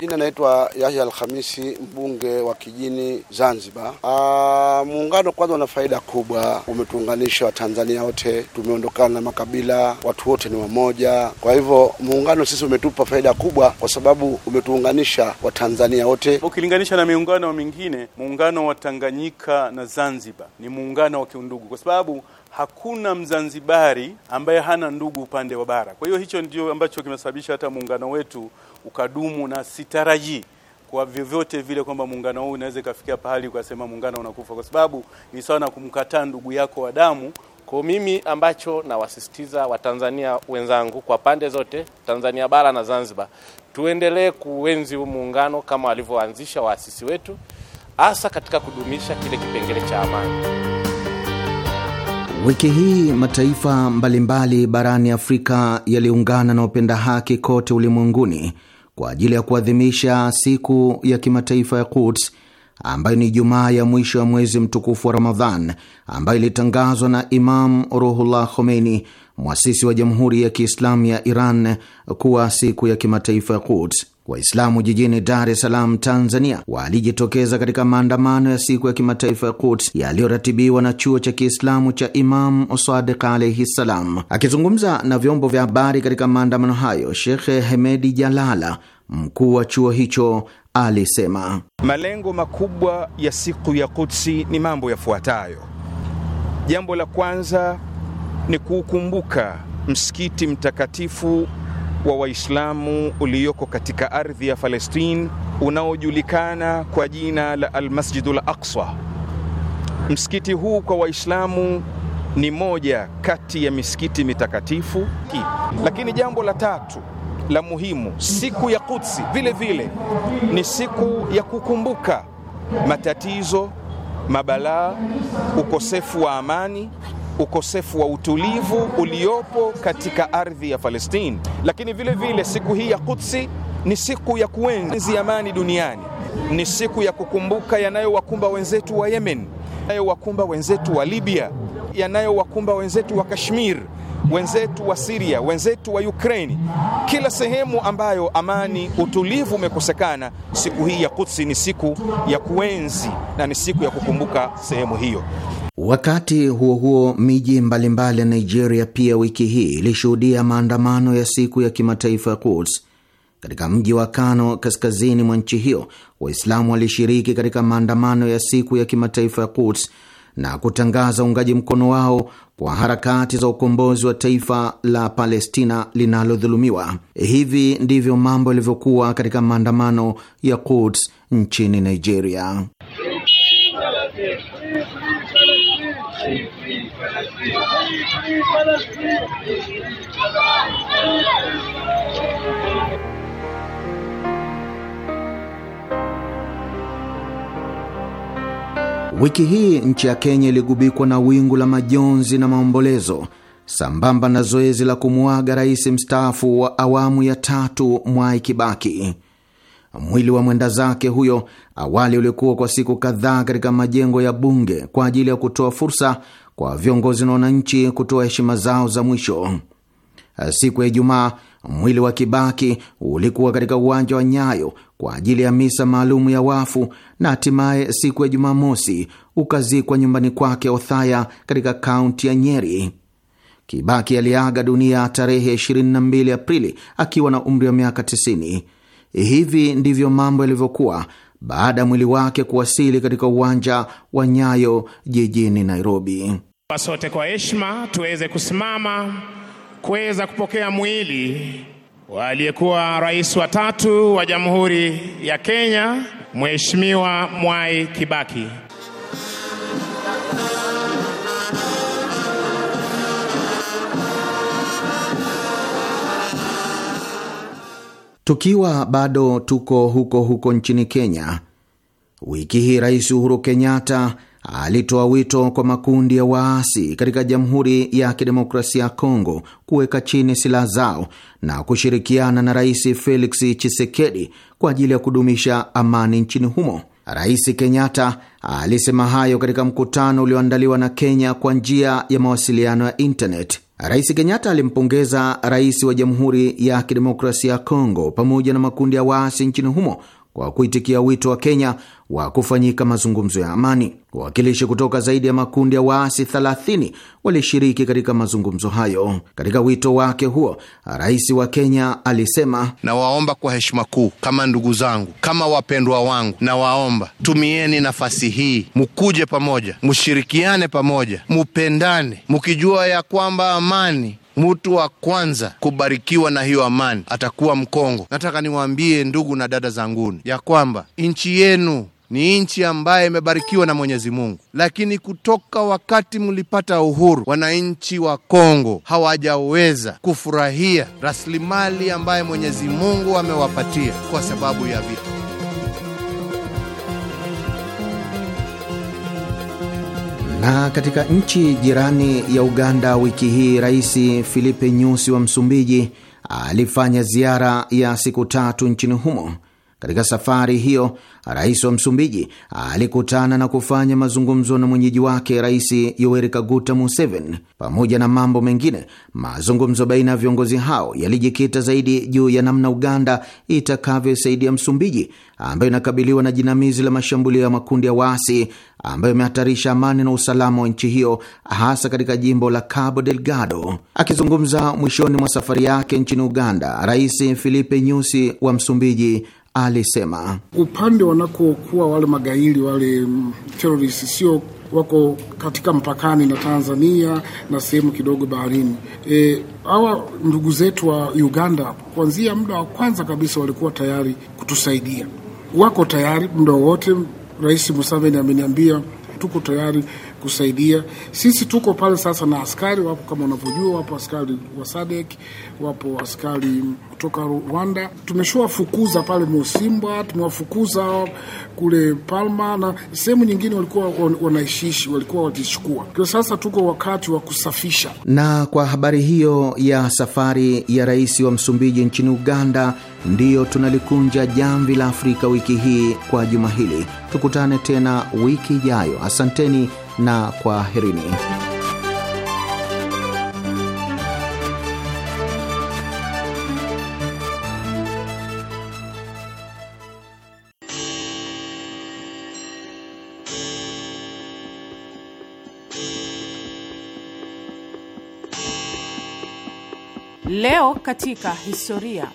Jina naitwa Yahya Alhamisi, mbunge wa Kijini, Zanzibar. Ah, muungano kwanza una faida kubwa, umetuunganisha Watanzania wote, tumeondokana na makabila, watu wote ni wamoja. Kwa hivyo muungano sisi umetupa faida kubwa, kwa sababu umetuunganisha Watanzania wote. Ukilinganisha na miungano mingine, muungano wa Tanganyika na Zanzibar ni muungano wa kiundugu, kwa sababu hakuna Mzanzibari ambaye hana ndugu upande wa bara. Kwa hiyo hicho ndio ambacho kimesababisha hata muungano wetu ukadumu, na sitarajii kwa vyovyote vile kwamba muungano huu unaweza ikafikia pahali ukasema muungano unakufa, kwa sababu ni sawa na kumkataa ndugu yako wa damu. Kwa mimi ambacho nawasisitiza Watanzania wenzangu kwa pande zote, Tanzania bara na Zanzibar, tuendelee kuenzi huu muungano kama walivyoanzisha waasisi wetu, hasa katika kudumisha kile kipengele cha amani. Wiki hii mataifa mbalimbali barani Afrika yaliungana na upenda haki kote ulimwenguni kwa ajili ya kuadhimisha siku ya kimataifa ya Quds ambayo ni Ijumaa ya mwisho ya mwezi mtukufu wa Ramadhan, ambayo ilitangazwa na Imam Ruhullah Khomeini, mwasisi wa Jamhuri ya Kiislamu ya Iran, kuwa siku ya kimataifa ya Quds. Waislamu jijini Dar es Salaam, Tanzania, walijitokeza katika maandamano ya siku ya kimataifa ya Quds yaliyoratibiwa na chuo cha Kiislamu cha Imam Sadiq alaihi ssalam. Akizungumza na vyombo vya habari katika maandamano hayo, Shekhe Hemedi Jalala, mkuu wa chuo hicho, alisema malengo makubwa ya siku ya Kudsi ni mambo yafuatayo. Jambo la kwanza ni kuukumbuka msikiti mtakatifu wa Waislamu ulioko katika ardhi ya Palestina unaojulikana kwa jina la Almasjidul Aqsa. Msikiti huu kwa Waislamu ni moja kati ya misikiti mitakatifu. Lakini jambo la tatu la muhimu, siku ya Kudsi vile vile ni siku ya kukumbuka matatizo, mabalaa, ukosefu wa amani ukosefu wa utulivu uliopo katika ardhi ya Palestine. Lakini vile vile siku hii ya Kutsi ni siku ya kuenzi amani duniani, ni siku ya kukumbuka yanayowakumba wenzetu wa Yemen, yanayowakumba wenzetu wa Libya, yanayowakumba wenzetu wa Kashmir wenzetu wa Siria, wenzetu wa Ukraini, kila sehemu ambayo amani, utulivu umekosekana. Siku hii ya Kutsi ni siku ya kuenzi na ni siku ya kukumbuka sehemu hiyo. Wakati huo huo, miji mbalimbali ya Nigeria pia wiki hii ilishuhudia maandamano ya siku ya kimataifa ya Quds. Katika mji wa Kano, kaskazini mwa nchi hiyo, Waislamu walishiriki katika maandamano ya siku ya kimataifa ya Quds na kutangaza uungaji mkono wao kwa harakati za ukombozi wa taifa la Palestina linalodhulumiwa. Hivi ndivyo mambo yalivyokuwa katika maandamano ya Quds nchini Nigeria. Wiki hii nchi ya Kenya iligubikwa na wingu la majonzi na maombolezo sambamba na zoezi la kumuaga rais mstaafu wa awamu ya tatu Mwai Kibaki. Mwili wa mwenda zake huyo awali ulikuwa kwa siku kadhaa katika majengo ya bunge kwa ajili ya kutoa fursa kwa viongozi na wananchi kutoa heshima zao za mwisho. Siku ya Ijumaa, Mwili wa Kibaki ulikuwa katika uwanja wa Nyayo kwa ajili ya misa maalumu ya wafu, na hatimaye siku ya Jumamosi ukazikwa nyumbani kwake Othaya katika kaunti ya Nyeri. Kibaki aliaga dunia tarehe 22 Aprili akiwa na umri wa miaka 90. Hivi ndivyo mambo yalivyokuwa baada ya mwili wake kuwasili katika uwanja wa Nyayo jijini Nairobi. Sote kwa heshima tuweze kusimama kuweza kupokea mwili wa aliyekuwa rais wa tatu wa Jamhuri ya Kenya, Mheshimiwa Mwai Kibaki. Tukiwa bado tuko huko huko nchini Kenya, wiki hii Rais Uhuru Kenyatta alitoa wito kwa makundi ya waasi katika Jamhuri ya Kidemokrasia ya Kongo kuweka chini silaha zao na kushirikiana na Rais Felix Tshisekedi kwa ajili ya kudumisha amani nchini humo. Rais Kenyatta alisema hayo katika mkutano ulioandaliwa na Kenya kwa njia ya mawasiliano ya intaneti. Rais Kenyatta alimpongeza rais wa Jamhuri ya Kidemokrasia ya Kongo pamoja na makundi ya waasi nchini humo kwa kuitikia wito wa Kenya wa kufanyika mazungumzo ya amani. Wawakilishi kutoka zaidi ya makundi ya waasi 30 walishiriki katika mazungumzo hayo. Katika wito wake huo, rais wa Kenya alisema, nawaomba kwa heshima kuu, kama ndugu zangu, kama wapendwa wangu, nawaomba tumieni nafasi hii, mukuje pamoja, mushirikiane pamoja, mupendane, mukijua ya kwamba amani mtu wa kwanza kubarikiwa na hiyo amani atakuwa Mkongo. Nataka niwaambie ndugu na dada zanguni ya kwamba nchi yenu ni nchi ambaye imebarikiwa na Mwenyezi Mungu, lakini kutoka wakati mlipata uhuru, wananchi wa Kongo hawajaweza kufurahia rasilimali ambaye Mwenyezi Mungu amewapatia kwa sababu ya vita. Na katika nchi jirani ya Uganda, wiki hii Rais Filipe Nyusi wa Msumbiji alifanya ziara ya siku tatu nchini humo. Katika safari hiyo, rais wa Msumbiji alikutana na kufanya mazungumzo na mwenyeji wake Rais Yoweri Kaguta Museveni. Pamoja na mambo mengine, mazungumzo baina ya viongozi hao yalijikita zaidi juu ya namna Uganda itakavyosaidia Msumbiji, ambayo inakabiliwa na jinamizi la mashambulio ya makundi ya waasi ambayo imehatarisha amani na usalama wa nchi hiyo, hasa katika jimbo la Cabo Delgado. Akizungumza mwishoni mwa safari yake nchini Uganda, Rais Filipe Nyusi wa Msumbiji alisema upande wanakokuwa wale magaili wale mm, teroris sio wako katika mpakani na Tanzania na sehemu kidogo baharini. E, hawa ndugu zetu wa Uganda kuanzia muda wa kwanza kabisa walikuwa tayari kutusaidia, wako tayari muda wowote. Rais Museveni ameniambia tuko tayari kusaidia. Sisi tuko pale sasa na askari wapo, kama unavyojua, wapo askari wa sadek wapo askari kutoka Rwanda. Tumeshawafukuza pale Musimba, tumewafukuza kule Palma na sehemu nyingine walikuwa wanaishishi, walikuwa wakichukua. Kwa sasa tuko wakati wa kusafisha. Na kwa habari hiyo ya safari ya rais wa Msumbiji nchini Uganda, ndiyo tunalikunja jamvi la Afrika wiki hii kwa juma hili. Tukutane tena wiki ijayo. Asanteni na kwaherini. Leo katika historia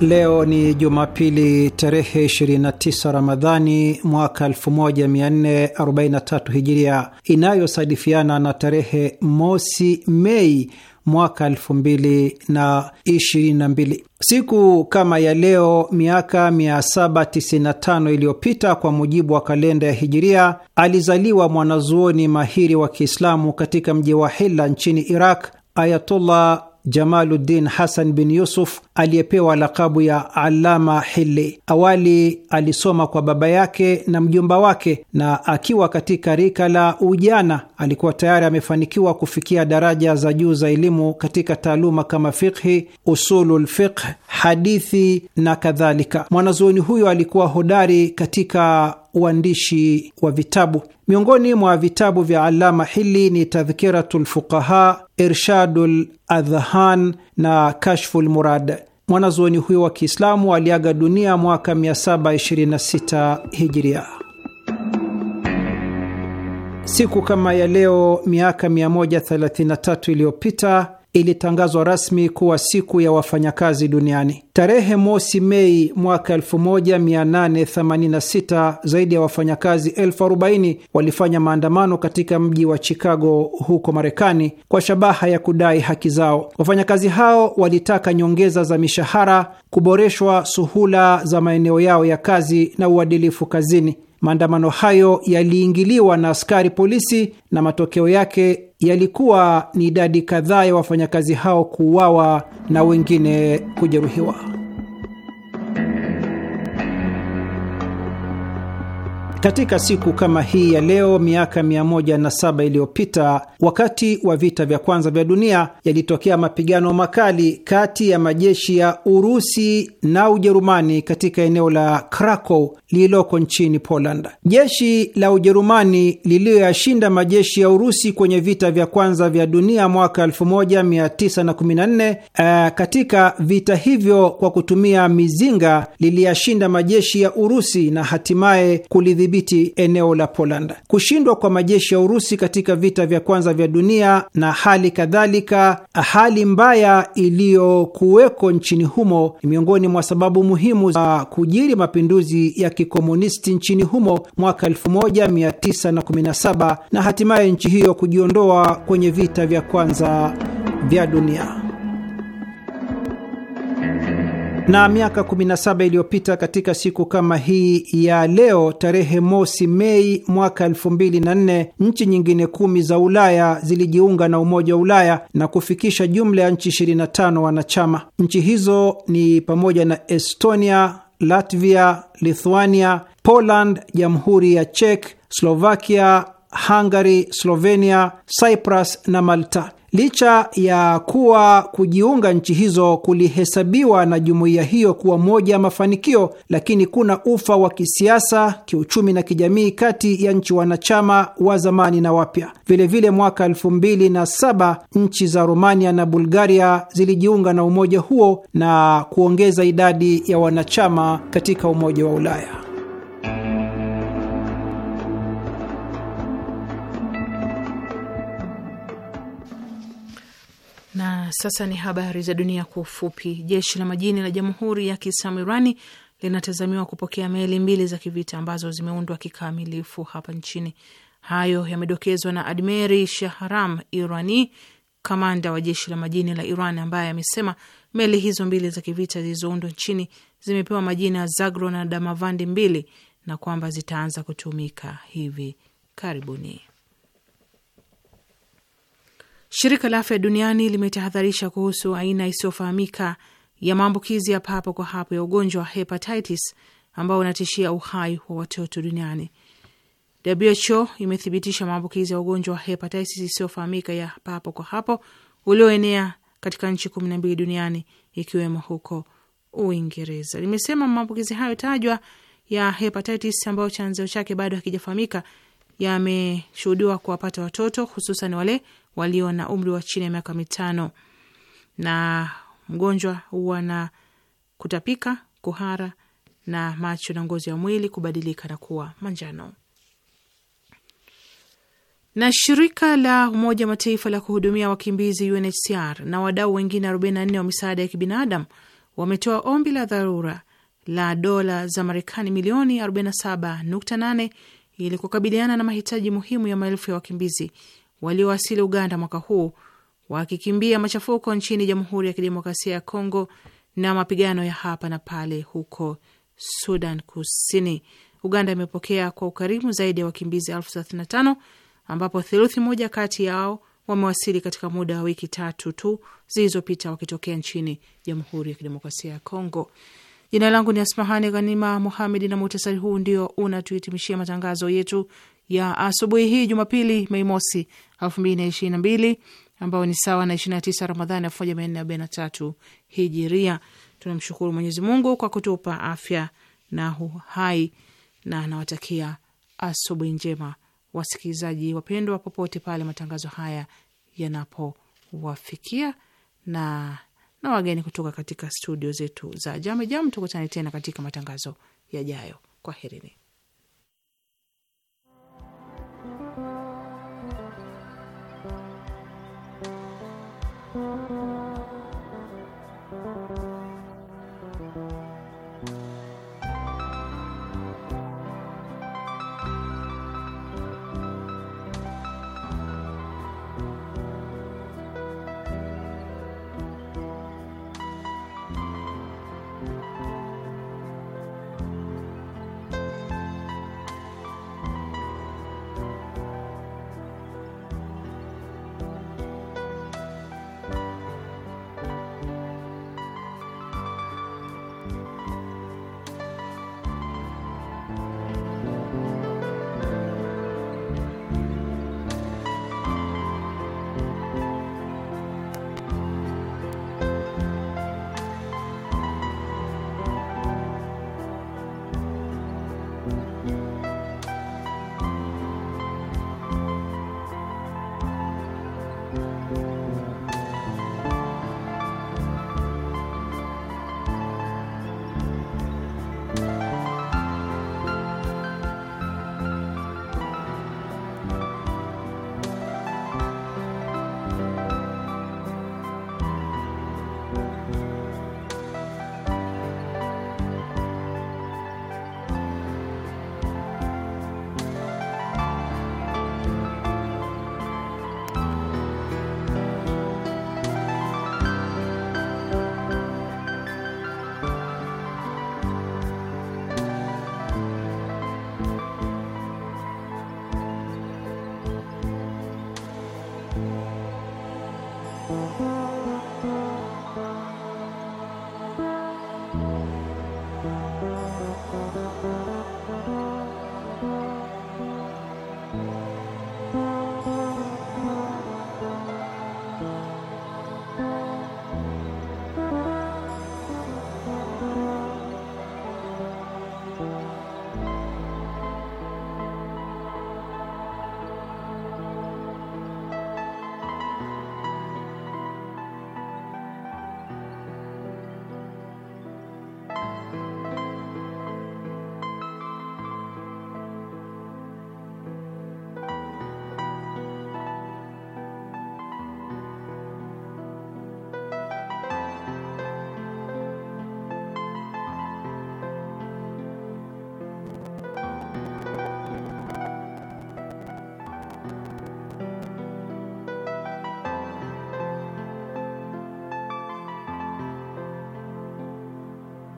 Leo ni Jumapili tarehe 29 Ramadhani mwaka 1443 Hijiria, inayosadifiana na tarehe mosi Mei mwaka 2022. Siku kama ya leo miaka 795 iliyopita kwa mujibu wa kalenda ya Hijiria, alizaliwa mwanazuoni mahiri wa Kiislamu katika mji wa Hilla nchini Iraq, Ayatullah Jamaluddin Hasan bin Yusuf aliyepewa lakabu ya Alama Hili. Awali alisoma kwa baba yake na mjomba wake, na akiwa katika rika la ujana alikuwa tayari amefanikiwa kufikia daraja za juu za elimu katika taaluma kama fiqhi, usulul fiqh, hadithi na kadhalika. Mwanazuoni huyo alikuwa hodari katika uandishi wa vitabu. Miongoni mwa vitabu vya Alama Hili ni Tadhkiratu lfuqaha, Irshadu ladhhan na Kashfu lmurad. Mwanazuoni huyo wa Kiislamu aliaga dunia mwaka 726 Hijria. Siku kama ya leo miaka 133 iliyopita ilitangazwa rasmi kuwa siku ya wafanyakazi duniani tarehe mosi Mei mwaka 1886. Zaidi ya wafanyakazi elfu arobaini walifanya maandamano katika mji wa Chicago huko Marekani kwa shabaha ya kudai haki zao. Wafanyakazi hao walitaka nyongeza za mishahara, kuboreshwa suhula za maeneo yao ya kazi na uadilifu kazini. Maandamano hayo yaliingiliwa na askari polisi na matokeo yake yalikuwa ni idadi kadhaa ya wafanyakazi hao kuuawa na wengine kujeruhiwa. Katika siku kama hii ya leo miaka 107 iliyopita, wakati wa vita vya kwanza vya dunia, yalitokea mapigano makali kati ya majeshi ya Urusi na Ujerumani katika eneo la Krakow lililoko nchini Poland. Jeshi la Ujerumani liliyoyashinda majeshi ya Urusi kwenye vita vya kwanza vya dunia mwaka 1914, uh, eh, katika vita hivyo kwa kutumia mizinga liliyashinda majeshi ya Urusi na hatimaye kulidhi kudhibiti eneo la Poland. Kushindwa kwa majeshi ya Urusi katika vita vya kwanza vya dunia na hali kadhalika hali mbaya iliyokuweko nchini humo ni miongoni mwa sababu muhimu za kujiri mapinduzi ya kikomunisti nchini humo mwaka 1917 na, na hatimaye nchi hiyo kujiondoa kwenye vita vya kwanza vya dunia. Na miaka 17 iliyopita katika siku kama hii ya leo, tarehe mosi Mei mwaka 2004, nchi nyingine kumi za Ulaya zilijiunga na Umoja wa Ulaya na kufikisha jumla ya nchi 25 wanachama. Nchi hizo ni pamoja na Estonia, Latvia, Lithuania, Poland, Jamhuri ya Czech, Slovakia, Hungary, Slovenia, Cyprus na Malta. Licha ya kuwa kujiunga nchi hizo kulihesabiwa na jumuiya hiyo kuwa moja ya mafanikio, lakini kuna ufa wa kisiasa, kiuchumi na kijamii kati ya nchi wanachama wa zamani na wapya. Vilevile, mwaka elfu mbili na saba nchi za Romania na Bulgaria zilijiunga na umoja huo na kuongeza idadi ya wanachama katika Umoja wa Ulaya. sasa ni habari za dunia kwa ufupi. Jeshi la majini la Jamhuri ya Kiislamu Irani linatazamiwa kupokea meli mbili za kivita ambazo zimeundwa kikamilifu hapa nchini. Hayo yamedokezwa na Admeri Shahram Irani, kamanda wa jeshi la majini la Iran, ambaye amesema meli hizo mbili za kivita zilizoundwa nchini zimepewa majina ya Zagro na Damavandi mbili na kwamba zitaanza kutumika hivi karibuni. Shirika la Afya Duniani limetahadharisha kuhusu aina isiyofahamika ya maambukizi ya papo kwa hapo ya ugonjwa wa hepatitis ambao unatishia uhai wa watoto duniani. WHO imethibitisha maambukizi ya ugonjwa wa hepatitis isiyofahamika ya papo kwa hapo ulioenea katika nchi kumi na mbili duniani ikiwemo huko Uingereza. Limesema maambukizi hayo tajwa ya hepatitis ambayo chanzo chake bado hakijafahamika yameshuhudiwa kuwapata watoto hususan wale walio na umri wa chini ya miaka mitano. Na mgonjwa huwa na kutapika, kuhara na macho na ngozi ya mwili kubadilika na kuwa manjano. Na shirika la Umoja Mataifa la kuhudumia wakimbizi UNHCR na wadau wengine 44 wa misaada ya kibinadamu wametoa ombi la dharura la dola za Marekani milioni 47.8 ili kukabiliana na mahitaji muhimu ya maelfu ya wakimbizi waliowasili Uganda mwaka huu wakikimbia machafuko nchini Jamhuri ya Kidemokrasia ya Kongo na mapigano ya hapa na pale huko Sudan Kusini. Uganda imepokea kwa ukarimu zaidi ya wakimbizi elfu thelathini na tano ambapo theluthi moja kati yao wamewasili katika muda wa wiki tatu tu zilizopita wakitokea nchini Jamhuri ya Kidemokrasia ya Kongo. Jina langu ni Asmahani Ghanima Muhamedi, na muhtasari huu ndio unatuhitimishia matangazo yetu ya asubuhi hii Jumapili, Mei Mosi 2022 ambayo ni sawa na 29 Ramadhani 1443 Hijiria. Tunamshukuru Mwenyezi Mungu kwa kutupa afya na uhai, na anawatakia asubuhi njema wasikilizaji wapendwa, popote pale matangazo haya yanapowafikia, na na wageni kutoka katika studio zetu za Jamejam. Tukutane tena katika matangazo yajayo. Kwaherini.